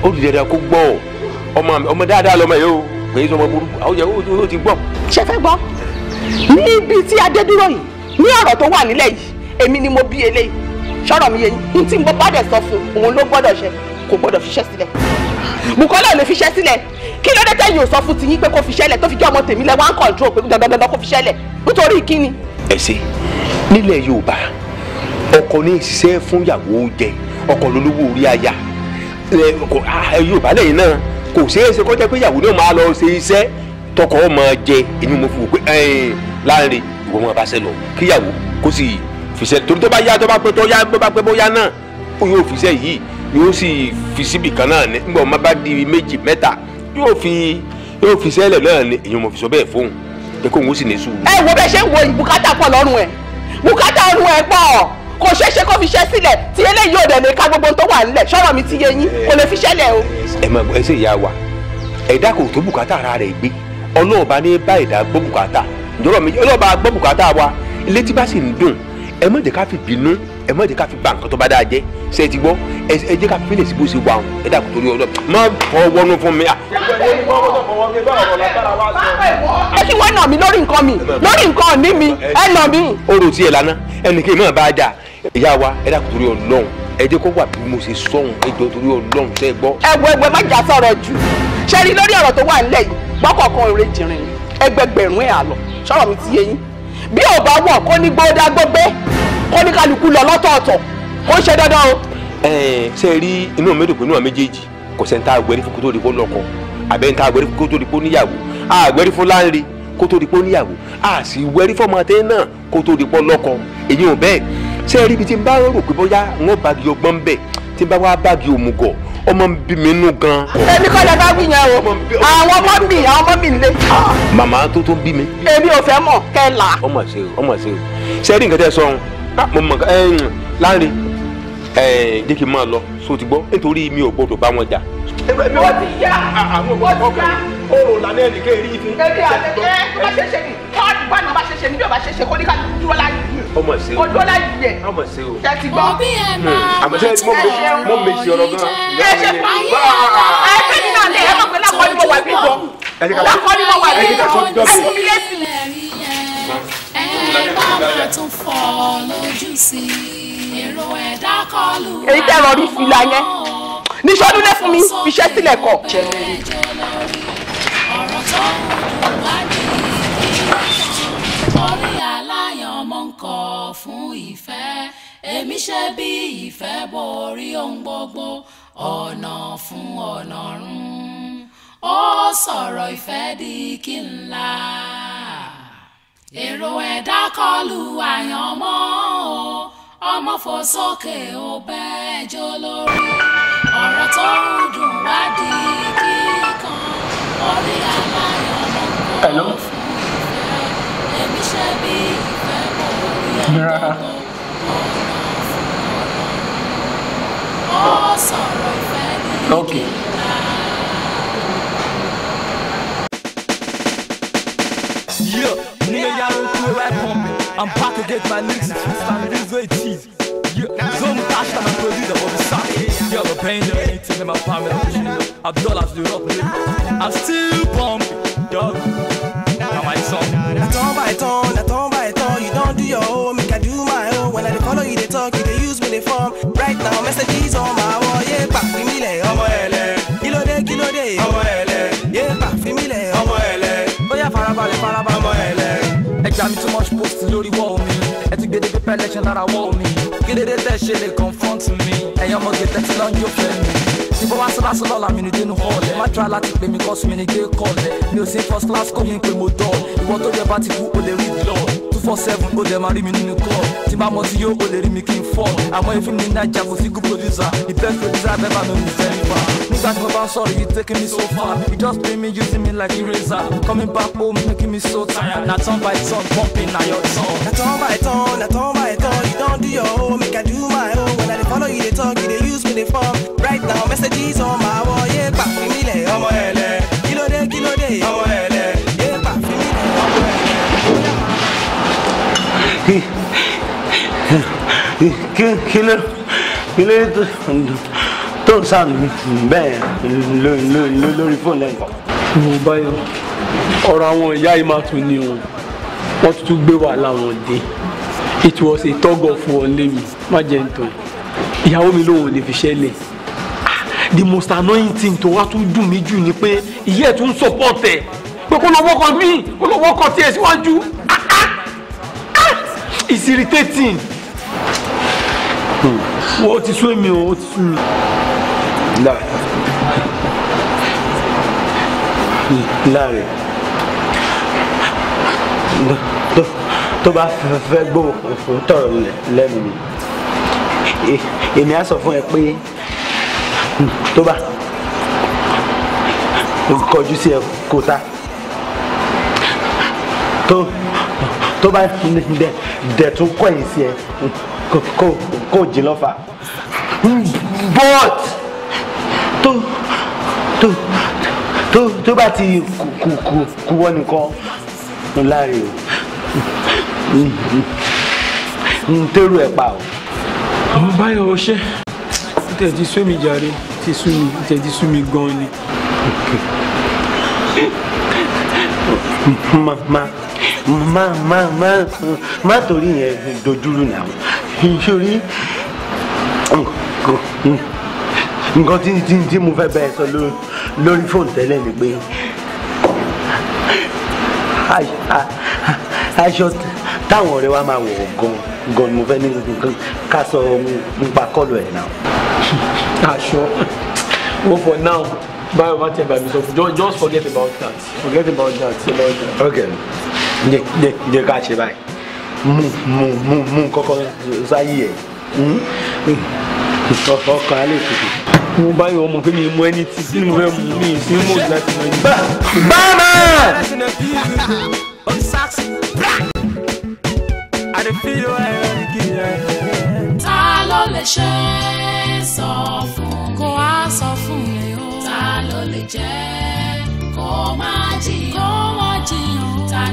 ó di dandan kó gbọ́ ọmọ ọmọ dáadáa lọmọ yìí o pé sọmọ burúkú ó yẹ ó ti gbọ́. ṣe fẹ́ gbọ́ níbi tí adé dúró yìí ní ọ̀rọ̀ tó wà nílẹ̀ yìí èmi ni mo bí eléyìí ṣọ́rọ̀ mi yé yín tí n bọ́ bọ́dẹ̀ sọ fún òun ló gbọ́dọ̀ ṣe kò gbọ́dọ̀ fiṣẹ́ sílẹ̀ Bùkọ́lá ò lè fiṣẹ́ sílẹ̀ kí ló dé tẹ́yìn ò sọ fún tiyín pé kó fiṣẹ́ lẹ̀ tó fi jẹ́ ọmọ tèmi lẹ̀ one control pé dandandandan kó fiṣẹ́ lẹ̀ nítorí kíni. ẹ ṣe nílẹ̀ Yorùbá ọkọ ní ìṣiṣẹ́ fún ìyàwó jẹ ọkọ lolówó orí aya Yorùbá lẹ́yìn náà kò ṣeé ṣe kọjá pé ìyàwó náà máa lọ ṣe iṣẹ́ tọkọ ọmọ jẹ èmi mo fi wò pé láàrin ìwọ ọmọ abáṣẹ lọ kíyàwó kó sì fisẹ́ torí tó bá yá tó bá pé tó yá tó bá pé bóyá náà ó yóò fisẹ́ yìí yóò sì fi síbi kan náà ní nígbà ọmọ bá di méjì mẹ́ta yóò fi yóò fi sẹ́lẹ̀ náà ní èyí mo fi sọ bẹ́ẹ̀ fóun pé kóun ó sì ní sùúrù. ẹ wo bẹ ṣe ń wo bùkátà pọ̀ lọ́rùn ẹ bùkátà ọrùn ẹ pọ̀ kò ṣeé ṣe kó fi ṣẹ́ sílẹ̀ tí eléyìí ò dẹ̀ lè gbogbo tó wà nílẹ̀ ṣọ́rọ̀ mi ti yé yín kò lè fi ṣẹ́lẹ̀ o. ẹ máa gbọ́ ẹsẹ̀ ìyá wa ẹ̀dá kò tó bùkátà ara rẹ̀ gbé ọlọ́ọ̀bá ní bá ẹ̀dá gbọ́ bùkátà ìjọba mi ọlọ́ọ̀bá gbọ́ bùkátà wa ilé tí bá sì ń dùn ẹ má jẹ́ ká fi bínú ẹ má jẹ́ ká fi ba nǹkan tó bá dáa jẹ́ ṣe ti gbọ́ ẹ jẹ́ ká fi fílẹ̀ sí bó ṣe wà ọ̀hún ẹ dàkú torí ọlọ́ má fọwọ́ nù fún mi. ẹ sì wọ́n nà mí lórí nǹkan mi lórí nǹkan ní mi ẹ nà mí. orò tí ẹ lana ẹnìkan náà bá dà ìyá wa ẹ dàkú torí ọlọ́run ẹ jẹ́ kó wà bí mo ṣe sọ̀hún ẹ jọ torí ọlọ́run ṣe gbọ́. ẹ wo ẹgbẹ́ má jà sọ̀rọ̀ bí ò bá wọ̀ kó ní gbódá gbógbé kó ní kálukú lọ lọ́tọ̀ọ̀tọ̀ kó ṣe dandan o. ẹ ẹ ṣe rí inú mi dùn pé inú mi méjèèjì kò sẹ́ni tá a gbẹ́rí fún kó tó di kó lọ́kọ àbẹ́ni tá a gbẹ́rí fún kó tó di kó níyàwó a gbẹ́rí fún láńre kó tó di kó níyàwó a sì wẹ́rí fọmọ tẹ́ náà kó tó di kó lọ́kọ èyí ò bẹ́ẹ̀ ṣe rí ibi tí n bá rò pé bóyá wọn bá di ọgbọ́n bẹ́ẹ̀ tí n bá wá bá di òmùgọ̀ ọmọ ń bí mi nú gan. èmi kọ́ lẹ bá wí yẹn o àwọn ọmọ mi àwọn ọmọ mi ń lé. màmá tó tó bí mi. èmi ò fẹ́ mọ̀ kẹ́ là. ọmọ ṣe o ọmọ ṣe o ṣe rí nǹkan tẹ sọ ah, mo mọ láàrin jẹ́ kí n máa lọ so ti gbọ́ nítorí mi ò gbọ́dọ̀ bá wọn jà. wọ́n ti yá wọ́n ah, ah, ti yá òrò lànà ẹnìkan èrí ìfún. ẹbí àtẹkẹ ẹ bá ṣe ṣe ni káàdì bá ní bá ṣe ṣe ni bí o bá ṣe ṣe kó ní ká dúró láyé. ọmọ ṣe o dúró láyé yẹ. ọmọ ṣe o. tẹ́tí gbọ́. òbí ẹ̀ hmm. máa àmọ́ ṣe mọ́ méjì ọ̀rọ̀ gan. ẹ ṣe fàyè ẹ ṣe nínú àlẹ́ ẹ mọ̀ pé lákọ́ ni mo wà bí bọ̀ lákọ́ mo wà bí bọ̀ ẹ ẹ bá máa tún yẹn níṣọ́dún lẹ́ fún mi fi ṣẹ́ sílẹ̀ kọ̀ fún ìfẹ́ èmi ṣe bí ìfẹ́ borí ohun gbogbo ọ̀nà fún ọ̀nà run ó sọ̀rọ̀ ìfẹ́ di kí ńlá èrò ẹ̀dá kọlù àyànmọ́ o ọmọ fò sókè ó bẹ́ẹ̀ jó lórí ọ̀rọ̀ tó ń dùn wá di kí. Hello? okay. Yeah, nigga, don't feel I'm back to get my legs It's twist on cheese. Yeah, so much faster than I produce the other side. Yeah, pain, everything in my family. I'm dull as the I still bump, dog. Now my song. I turn by turn, I turn by turn. You don't do your own, make I do my own. When I follow you, they talk, you they use me, they form. Right now, messages on my wall. Yeah, back with me, lay. Ọmọ ẹlẹ. Kilo de, kilo de. Ọmọ ẹlẹ. Yeah, back with me, lay. Ọmọ ẹlẹ. Bóyá farabale, farabalẹ̀. Ọmọ ẹlẹ. Ẹ gbà mí too much post lórí wall mi. Ẹ de gbèdéke pẹ́lẹ́ṣẹ̀ lára wall mi. Kí dédé de ṣe lè confront me. mi. Ẹ̀yin ọmọ gẹ̀ẹ́tẹ̀ ti lọ́njọ́ fẹ́ me ti bọ́ wá síláṣí lọ́la mi ní dénú hall ẹ̀ má try láti pè mí cause mi ní gé call ẹ̀ mi ò sí first class kó mi pé mo dọ̀ ìwọ tó yẹ bá ti kú o lè rí lọ́ọ̀ two four seven ó dẹ̀ máa rí mi nínú club tí bá yo, tí yóò ó lè rí mi kí n fall àmọ́ ìfún mi naija kò sí good producer the best producer I've ever known is Fẹ́rífà nígbà tí mo bá ń you taking me so far you just play me using me like eraser coming back home making me so tired na turn by turn pumping na your turn. na turn by turn na turn by turn you don do your own make I do my own when I dey follow you dey talk you dey use me dey form right now messages on my wall yeah gbà fún mi lẹ̀ ọmọ ẹ̀lẹ́ kilode, ló dé kí kí kí kí ló kí ló tó ń sàn bẹ́ẹ̀ lórí fóònù lẹ́yìn kan. mo báyọ̀ ọ̀rọ̀ àwọn ìyá yìí máa tún ní wọn wọ́n tún gbé wàhálà wọn dé it was a tug of war lé mi má jẹ́ ntọ́ ìyàwó mi lòun ò lè fi ṣẹlẹ̀ ah, the most annoying thing tó wá tún dùn mí jù ni pé ìyá ẹ̀ tún support ẹ̀ pé kó lọ́wọ́ kan mí kó lọ́wọ́ kan tiẹ̀ síwájú ah it's irritating. Hmm. o ti sún mi o o ti sún mi. láàrin tó bá fẹ́ gbóhùn fún tọ̀rọ̀ lẹ́nu mi èmi á sọ fún ẹ pé tó bá kọjú sí ẹ kóta tó tó bá dẹ̀ tún kọ̀yìn sí ẹ kò jìn lọ́fà but tó tó tó tó bá ti kú kú kú wọ́n nìkan láre o n tẹ́rù ẹ̀ pa o. àwọn báyọ̀ ọṣẹ́ tẹ̀jí sú mi jàre ti sú mi tẹ̀jí sú mi gan ni. ma ma má má má má torí yẹn dojúrú náà nítorí nǹkan tí tí tí mo fẹ́ bẹ́ẹ̀ sọ lórí fóònù tẹ́lẹ̀ ni pé aṣọ táwọn ọ̀rẹ́ wa máa wọ̀ gan gan ni mo fẹ́ ní ká sọ nípa kọ́lù ẹ̀ náà. aṣọ wo for now báyọ̀ bá tẹ̀ bá mi sọ just forget about that forget about that. okay jẹ́ jẹ́ jẹ́ ká ṣe báyìí mú mú mú mú kọ́kọ́ sáyé ẹ̀ ọkàn alẹ́ kùkù mo báyìí ọmọ pé mi mú ẹni tí sínú rẹ mú mi sí mú láti mọ ẹni. bàmà. ta ló lè ṣe é sọ fún a sọ fún mi o ta ló lè jẹ́ kó má jìyà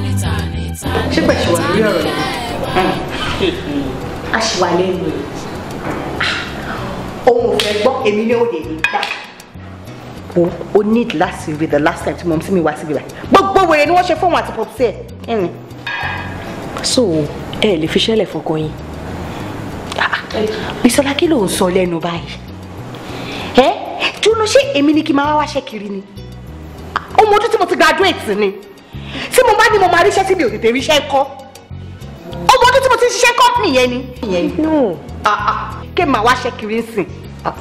ṣé bẹ̀ ṣe wà lórí ọ̀rọ̀ yìí a ṣì wà lẹ́nu rẹ̀ òun ò fẹ́ gbọ́ èmi ní òde mi dá o o need last week the last time tí mo sì mi wá síbi rà gbogbo wèrè ni wọ́n ṣe fóun àti pọ̀pù sí ẹ̀ ẹ̀rìn. so ẹ lè fi ṣẹlẹ̀ fọkàn yín ah, ah, bisola kí ló ń sọ lẹ́nu báyìí ẹ jùlọ ṣé èmi ni kí n máa wá wá ṣe kiri ni ọmọ ọdún tí mo ti graduate ni tí mo bá ní mo máa ríṣẹ́ tí mi ò tètè ríṣẹ́ kọ́ ọmọ ọdún tí mo ti ń ṣiṣẹ́ kọ́ nìyẹn ni. ìyẹn nù. Ah, ah. kí màá wá ṣe kiri ń sìn ah,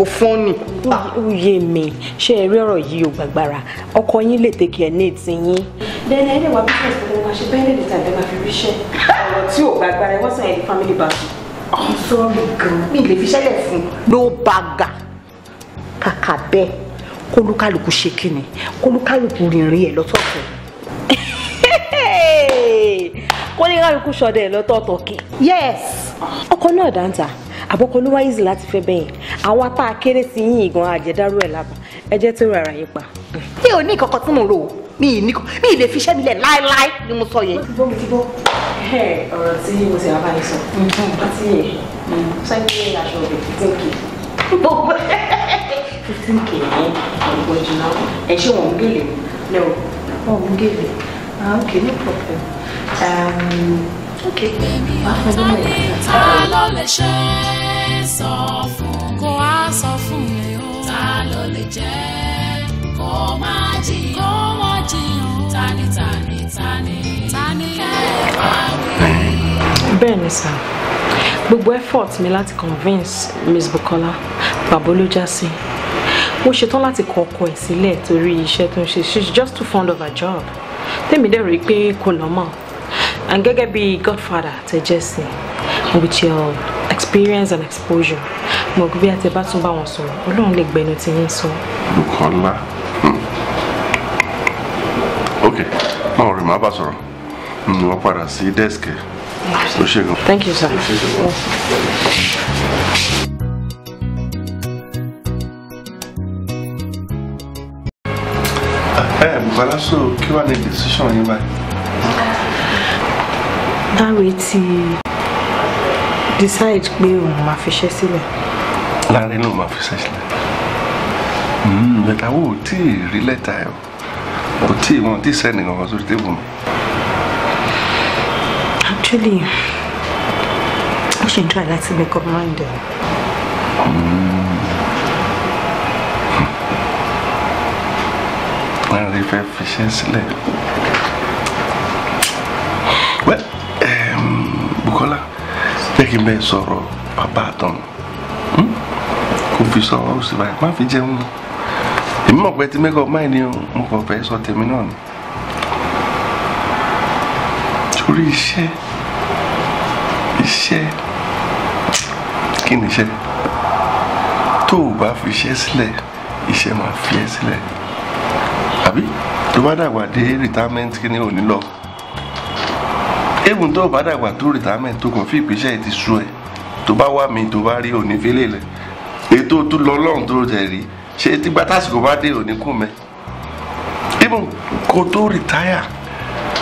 òfun ni. ó yé mi ṣé ẹ rí ọ̀rọ̀ yìí ò gbàgbára ọkọ yín lè take care ní ti yín. bẹ́ẹ̀ni ẹni wà bísí ẹsẹ wọn ṣe bẹ́ẹ̀ni lè tàbí máa fi ríṣẹ́ ọ̀rọ̀ tí ò gbàgbára ẹ wọ́n sàn ẹni family bank. sọ́ọ̀rì gan-an mi lè fi ṣẹlẹ̀ fún. ló bá ga kàkà bẹ́ẹ̀ kólúkálùkù ṣe kí kólúkálùkù rìnrìn ẹ̀ lọ́tọ̀ọ̀tọ̀ wọ́n ní kálukú ṣọdẹ lọ́tọ̀ọ̀tọ̀ kí. yes ọkọ náà dáńtà àbọ̀kọ ló wáyé sí láti fẹ́ bẹ́yìn àwọn apá akéré sí yín ìgan àjẹdárú ẹ̀ lábà ẹ jẹ́ tó rárá yín pa. mi ò ní ìkọ̀kọ̀ tí mo rò ó mi ì ní mi ì lè fi iṣẹ́ mi lẹ̀ láéláé ni mo sọ yẹn. mo ti gbọ́ mo ti gbọ́ ọ̀rọ̀ tí mo ti bá yín sọ àti yẹn sẹ́yìn aṣọ fifteen k fifteen k yẹn ọ̀gbọ̀n jùlọ gèlè lẹ́wọ̀ wọ́n ń gèlè ah ok, no problem ta ló lè ṣe sọ fún gbogbo effort mi láti convince Miss Bukola pàbó ló já sí mo ṣetán láti kọ ọkọ ẹ̀ sílẹ̀ torí iṣẹ́ tó ń ṣe she's just too fond of her job tèmi dẹ̀ rí i pé kò lọ́mọ and gẹ́gẹ́ be godfather to Jesse with your experience and exposure mo gbé àti bá tún bá wọn sọ̀rọ̀ ọlọ́run lè gbẹnu tí yín sọ. Bùkọ́lá hmm. ok má wọrí màá bá sọ̀rọ̀ wọ́n hmm, padà sí dẹ́sìkì thank you sir. ẹ Bùkọ́lá eh, eh, so kí wàá ní decision yín báyìí táwe ti decide pé òun máa fiṣẹ́ sílẹ̀. láàrin náà máa fiṣẹ́ sílẹ̀ ìgbàwó hmm, ò tí ì rí lẹ́tà ẹ̀ kò tí ì wọ́n tí ì sẹ́ni kankan sórí tébù mi. actually ó ṣe ń try láti make up mind ẹ̀. láàrin hmm. fẹ́ fiṣẹ́ sílẹ̀. kí n bẹ sọ̀rọ̀ bàbá àtọ̀nù hmm? kò fi sọ̀rọ̀ ó sì báyìí má fi jẹun èmi mọ̀ pé ti mẹ́kọ̀ máì ni mo kàn fẹ́ sọ tèmi náà ni torí iṣẹ́ iṣẹ́ kí ni iṣẹ́ tó o bá fi iṣẹ́ sílẹ̀ iṣẹ́ máa fi ẹ́ sílẹ̀ àbí tó bá dàgbà dé retirement kí ni ò ní lọ even tó bá dàgbà tó retirement tó kàn fi ìgbésẹ̀ ti sú ẹ tó bá wà mí tó bá rí òní fílẹ̀ lẹ̀ ètò tó lọ lọ́run tó tẹ̀ rí ṣe tígbà tásìkò bá dé òní kù mẹ́ even kó tó retire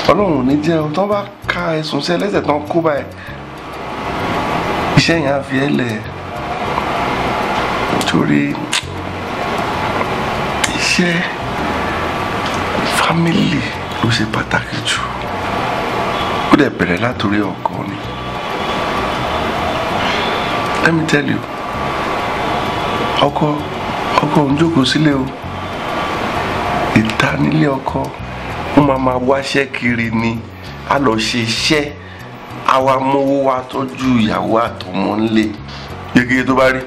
ọlọ́run ò ní jẹ́ ọ tán bá ka ẹ̀sùn sí ẹlẹ́sẹ̀ tán kó báyìí iṣẹ́ yẹn á fi ẹ́ lẹ̀ torí iṣẹ́ fámìlì ló ṣe pàtàkì jù dẹ̀ bẹ̀rẹ̀ látòrí ọkọ ni let me tell you ọkọ ọkọ òun jókòó sílé o ìta nílé ọkọ wọn máa ma wáṣẹ́ kiri ni a lọ ṣe iṣẹ́ àwa mówó wa tọ́jú ìyàwó àtọmọ ńlẹ gẹ́gẹ́ tó bá rí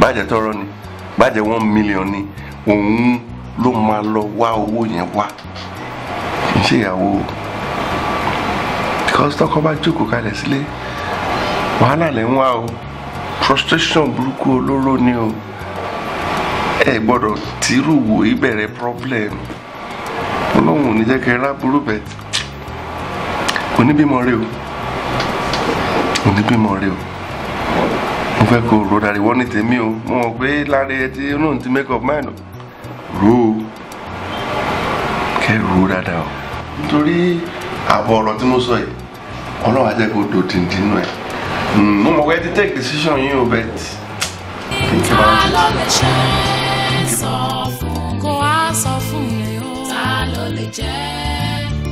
bàjẹ́ tọrọ ni bàjẹ́ one million ni òun ló máa lọ wá owó yẹn wá ṣe ìyàwó o because tọkọ bá jókòó kalẹ̀ sílé wàhálà lè ń wá o prostration burúkú olóró ni o ẹ gbọ́dọ̀ tìrú wò í bẹ̀rẹ̀ problem Ọlọ́run ò ní jẹ́ kẹ́ ẹ ráburú bẹ̀ kò ní bímọ rí o kò ní bímọ rí o mo fẹ́ kó ro dàrí wọ́n ní tèmi o mo mọ̀ pé lára ẹ ti olóhùn ti make up mind ro o kẹ́ ro dáadáa o nítorí àbọ̀ ọ̀rọ̀ tí mo sọ yìí ọlọ́run ajẹ́ kó do dìndín nù ẹ̀ hmm, mo mọ̀ wẹ́ẹ́ ti take decision yín o bet kí kò á sọ fún mi o ta ló lè jẹ́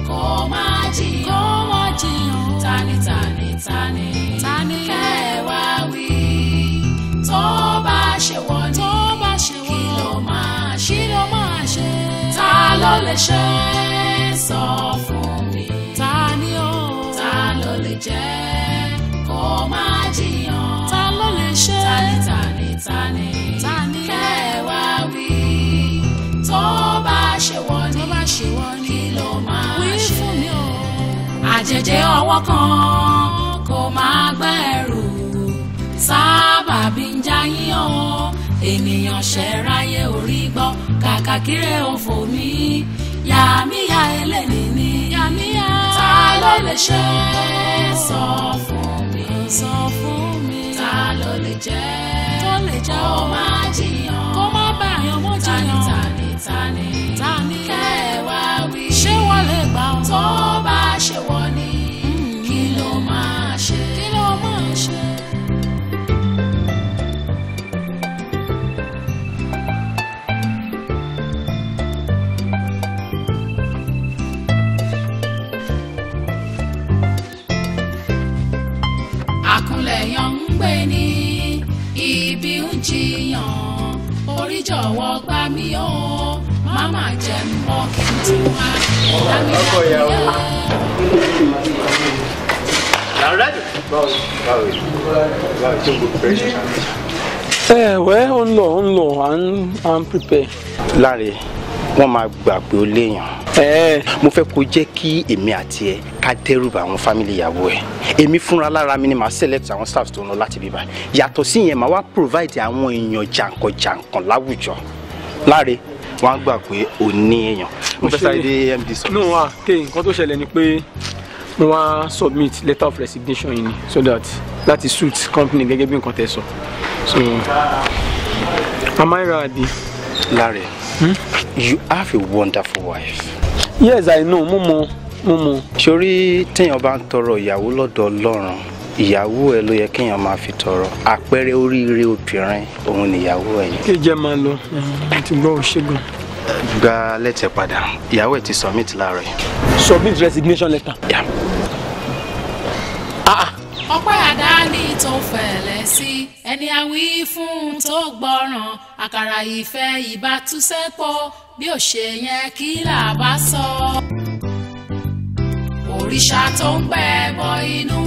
kó má jiyàn kó má jiyàn tani tani tani tani kẹwà wí tó bá ṣe wọ́n ni kí ló máa ṣe ta ló lè ṣe sọ fún jẹ́ kó má jiyàn. ta ló lè ṣe tani tani tani tani kẹwà wí. tó bá ṣe wọ́n ní tó bá ṣe wọ́n ní kí ló máa ṣe. wí fún mi o. àjẹjẹ ọwọ́ kan kò máa gbẹ́ ẹrù sábà bí ń jayín o ènìyàn ṣẹ̀ráyé orí gbọ́ kàkà kíré òfò mi yàmíyà eléni ni yàmíyà ló lè ṣe sọ fún mi sọ fún mi ta ló lè jẹ́ tó lè jẹ́ ó má jiyàn kó má bàyàn mọ́ jiyàn tani tani tani kẹ́ ẹ wá wí ṣé wọ́n lè gbà tó bá ṣe wọ́n. jọ̀wọ́ gbà mí o màmá jẹ́ mọ́ kí n tún wá lámìlá yẹ. ẹ wẹ́ ń lọ ń lọ à ń prepare. láre wọ́n máa gbà pé ó léèyàn. ẹ mo fẹ́ kó jẹ́ kí èmi àti ẹ ká dẹ́rùbà àwọn fámìlì ìyàwó ẹ èmi fúnra lára mi ni màá select àwọn staff tó ń lọ láti bíbá yàtọ̀ sí yẹn màá wá provide àwọn èèyàn jàǹkànjàǹkàn láwùjọ láre wọn á gbà pé ò ní èèyàn. mo fẹ́ sáré dé md sọ. nù wá ké nǹkan tó ṣẹlẹ̀ ni pé mo wá submit letter of resignation yìí ni so that láti suit company gẹ́gẹ́ bí nǹkan tẹ́ sọ. so amáyéra àdì. láre. Hmm? You have a wonderful wife. Yes, I know, Mumu. Mumu. Sori téèyàn bá ń tọrọ ìyàwó lọ́dọ̀ Ọlọ́run, ìyàwó ẹ ló yẹ kéèyàn máa fi tọrọ. Àpẹẹrẹ oríire obìnrin òun nìyàwó ẹ yẹn. Kéjẹ máa lọ, mo ti gbọ́ òṣègùn. Gba lẹ́tẹ̀ padà, ìyàwó ẹ ti submit láàárọ̀ yìí. Submit resignation letter. Yeah. Ah, ah ọpẹ́ àdáni tó fẹ̀lẹ́ sí ẹni àwí fún tó gbọ́ràn àkàrà ìfẹ́ ìbátúsẹ́pọ̀ bí ó ṣe yẹn kí là bá sọ. òrìṣà tó ń gbẹ bọ inú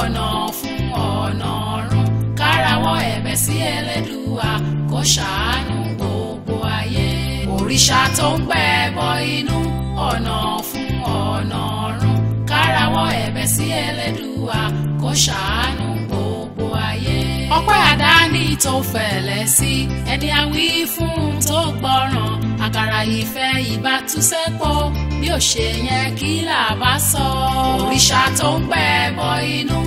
ọ̀nà fún ọ̀nà ọ̀run kárawọ́ ẹ̀bẹ̀ sí ẹlẹ́dùá kó ṣàánú gbogbo ayé. òrìṣà tó ń gbẹ bọ inú ọ̀nà fún ọ̀nà ọ̀run rawọ́ ẹ̀bẹ̀ sí Ẹlẹ́dùà kó ṣàánú gbogbo ayé. ọpẹ́ àdáni tó fẹ̀lẹ́ sí ẹni àwí fún tó gbọ́ràn àkàrà ìfẹ́ ìbátúsẹ́pọ̀ bí ó ṣe yẹ kí là bá sọ. òrìṣà tó ń pẹ́ bọ inú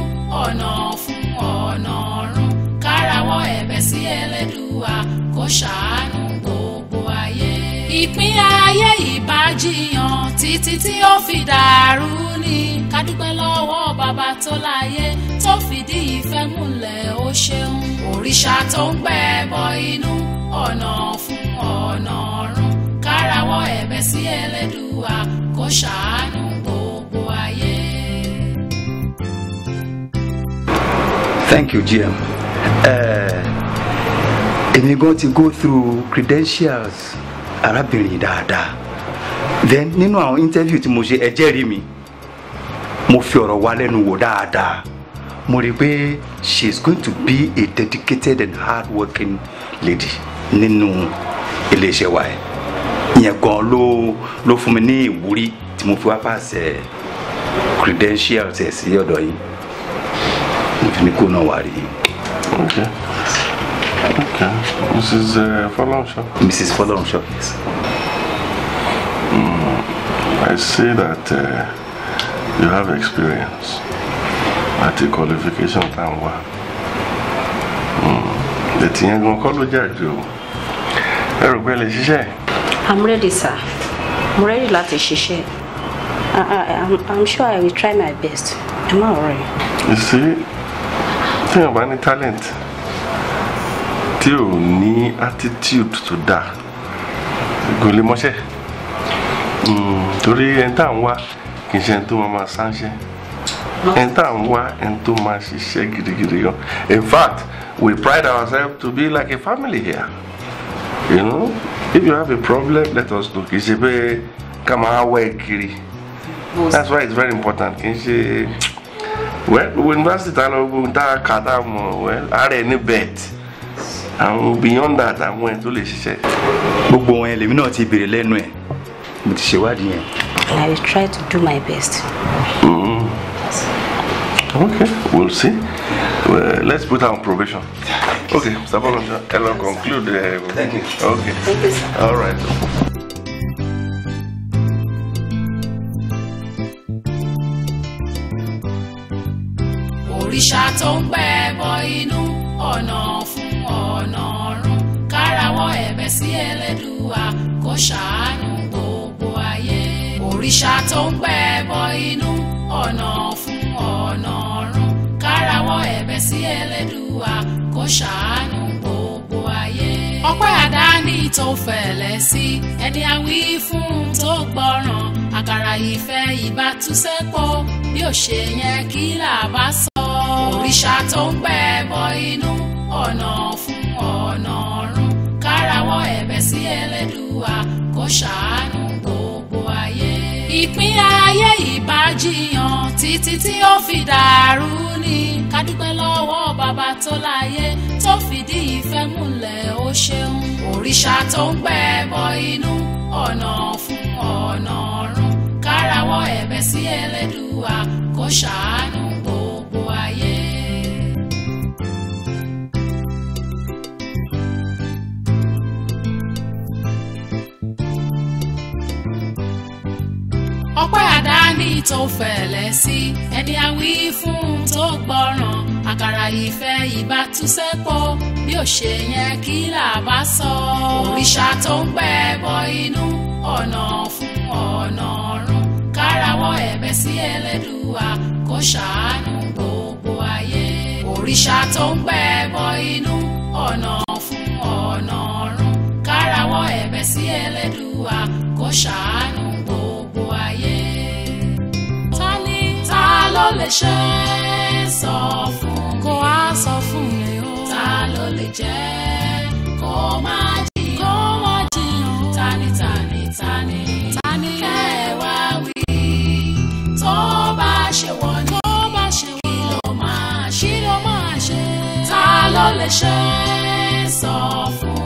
ọ̀nà fún ọ̀nà ọ̀run kárawọ́ ẹ̀bẹ̀ sí Ẹlẹ́dùà kó ṣàánú ìpín ayé ìbájiyàn títí tí ó fi dàrú ni ká lọ́wọ́ bàbá tó láyé tó fìdí ìfẹ́ múlẹ̀ ó ṣeun òrìṣà tó ń gbẹ̀bọ inú ọ̀nà fún ọ̀nà ọ̀run kárawọ́ ẹ̀bẹ̀ sí ẹlẹ́dùúwà kó ṣàánú gbogbo ayé. Thank you, GM. Uh, eh, èmi gan ti go through credentials arábìnrin yìí dáadáa then nínú àwọn interview tí mo ṣe ẹ jẹ́rìí mi mo fi ọ̀rọ̀ wa lẹ́nu wò dáadáa mo rí i pé she is going to be a dedicated and hard working lady nínú iléeṣẹ́ wa ẹ̀ ìyẹn gan ló ló fún mi ní ìwúrí tí mo fi wá pàṣẹ eh, credentials ẹ̀ sí ọ̀dọ̀ yìí mo fi ní kó náà wà rí i. Mrs. Uh, follow Mrs. Follow-shop, yes. Mm, I see that uh, you have experience at the qualification time. Mm. The thing I'm going to call you, I'm ready, sir. I'm ready láti ṣiṣẹ́. I, I, I'm, I'm sure I will try my best. Am I alright? You see, think about any talent tí ò ní attitude tó dáa kò lè mọṣẹ́ hmm, torí ẹni tá à ń wá kì í ṣe ẹni tó máa máa sáńṣẹ́ ẹni tá à ń wá ẹni tó máa ṣiṣẹ́ gidigidi gan in fact we pride ourselves to be like a family here you know if you have a problem let us know kì í ṣe pé ká máa wá ẹ kiri that's why it's very important kì í ṣe well university ta ló gbóhùn tá a kà tá well Are any bet? àwọn beyond that àwọn ẹ̀ tó lè ṣiṣẹ́. gbogbo wọn ẹlẹ́mi náà ti béèrè lẹ́nu ẹ̀ mo ti ṣèwádìí yẹn. I will try to do my best. Mm. Okay, we'll see. Well, let's put her on probation. Okay, Mr. I will conclude. Uh, Thank you. Okay. Thank you, All right. òrìṣà tó ń gbẹ́ ẹbọ inú ọ̀nà rẹ̀ sí Ẹlẹ́dùà kó ṣàánú gbogbo ayé òrìṣà tó ń gbẹ́bọ inú ọ̀nà fún ọ̀nà ọ̀run kárawọ́ ẹ̀bẹ̀ sí Ẹlẹ́dùà kó ṣàánú gbogbo ayé. ọpẹ́ àdáni tó fẹ̀lẹ́ sí ẹni àwí fún tó gbọ́ràn àkàrà ìfẹ́ ìbátúsẹ́pọ̀ bí ó ṣe yẹ kí làbá sọ òrìṣà tó ń gbẹ́bọ inú ọ̀nà ọ̀run sí Ẹlẹ́dùà kó ṣàánú gbogbo ayé. ìpín ayé ìbájiyàn títí tí ó fi dàrú ni ká dúpẹ́ lọ́wọ́ bàbá tó láyé tó fìdí ìfẹ́ múlẹ̀ ó ṣeun. òrìṣà tó ń gbẹ́ bọ inú ọ̀nà fún ọ̀nà ọ̀run kárawọ́ ẹ̀bẹ̀ sí Ẹlẹ́dùà kó ṣàánú gbogbo ayé. ẹni tó fẹ̀lẹ́ sí ẹni àwí fún tó gbọ́ràn àkàrà ìfẹ́ ìbátúsẹ́pọ̀ bí ó ṣe yẹn kí là bá sọ. òrìṣà tó ń pẹ́ bọ inú ọ̀nà fún ọ̀nà ọ̀run kárawọ́ ẹ̀bẹ̀ sí ẹlẹ́dùúwà kó ṣàánú gbogbo ayé. òrìṣà tó ń pẹ́ bọ inú ọ̀nà fún ọ̀nà ọ̀run kárawọ́ ẹ̀bẹ̀ sí ẹlẹ́dùúwà kó ṣàánú. ló lè ṣe é sọ fún mi? Kò á sọ fún mi o. Ta ló lè jẹ́ kó máa jiyàn? Kó máa jiyàn o. Tani tani tani. Tani. Kẹ̀wá wí. Tó bá ṣe wọ́n ní. Tó bá ṣe wọ́n. Kí ló máa ṣe? Kí ló máa ṣe? Ta ló lè ṣe sọ fún mi?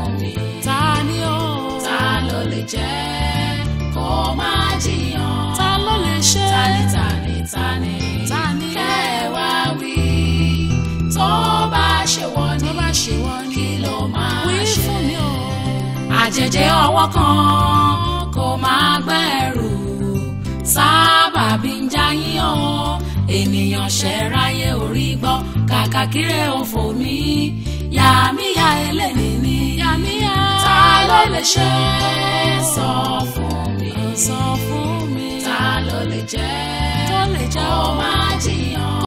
jẹ́jẹ́ ọwọ́ kan kò máa gbẹ́rù sábà bí ń jayé o ènìyàn ṣẹ̀ráyé orí gbọ́ kàkà kíré òfò mi yàmíyà eléni ni yàmíyà ta ló lè ṣe sọ fún mi sọ fún mi ta ló lè jẹ́ tó lè jẹ́ ó máa jiyàn.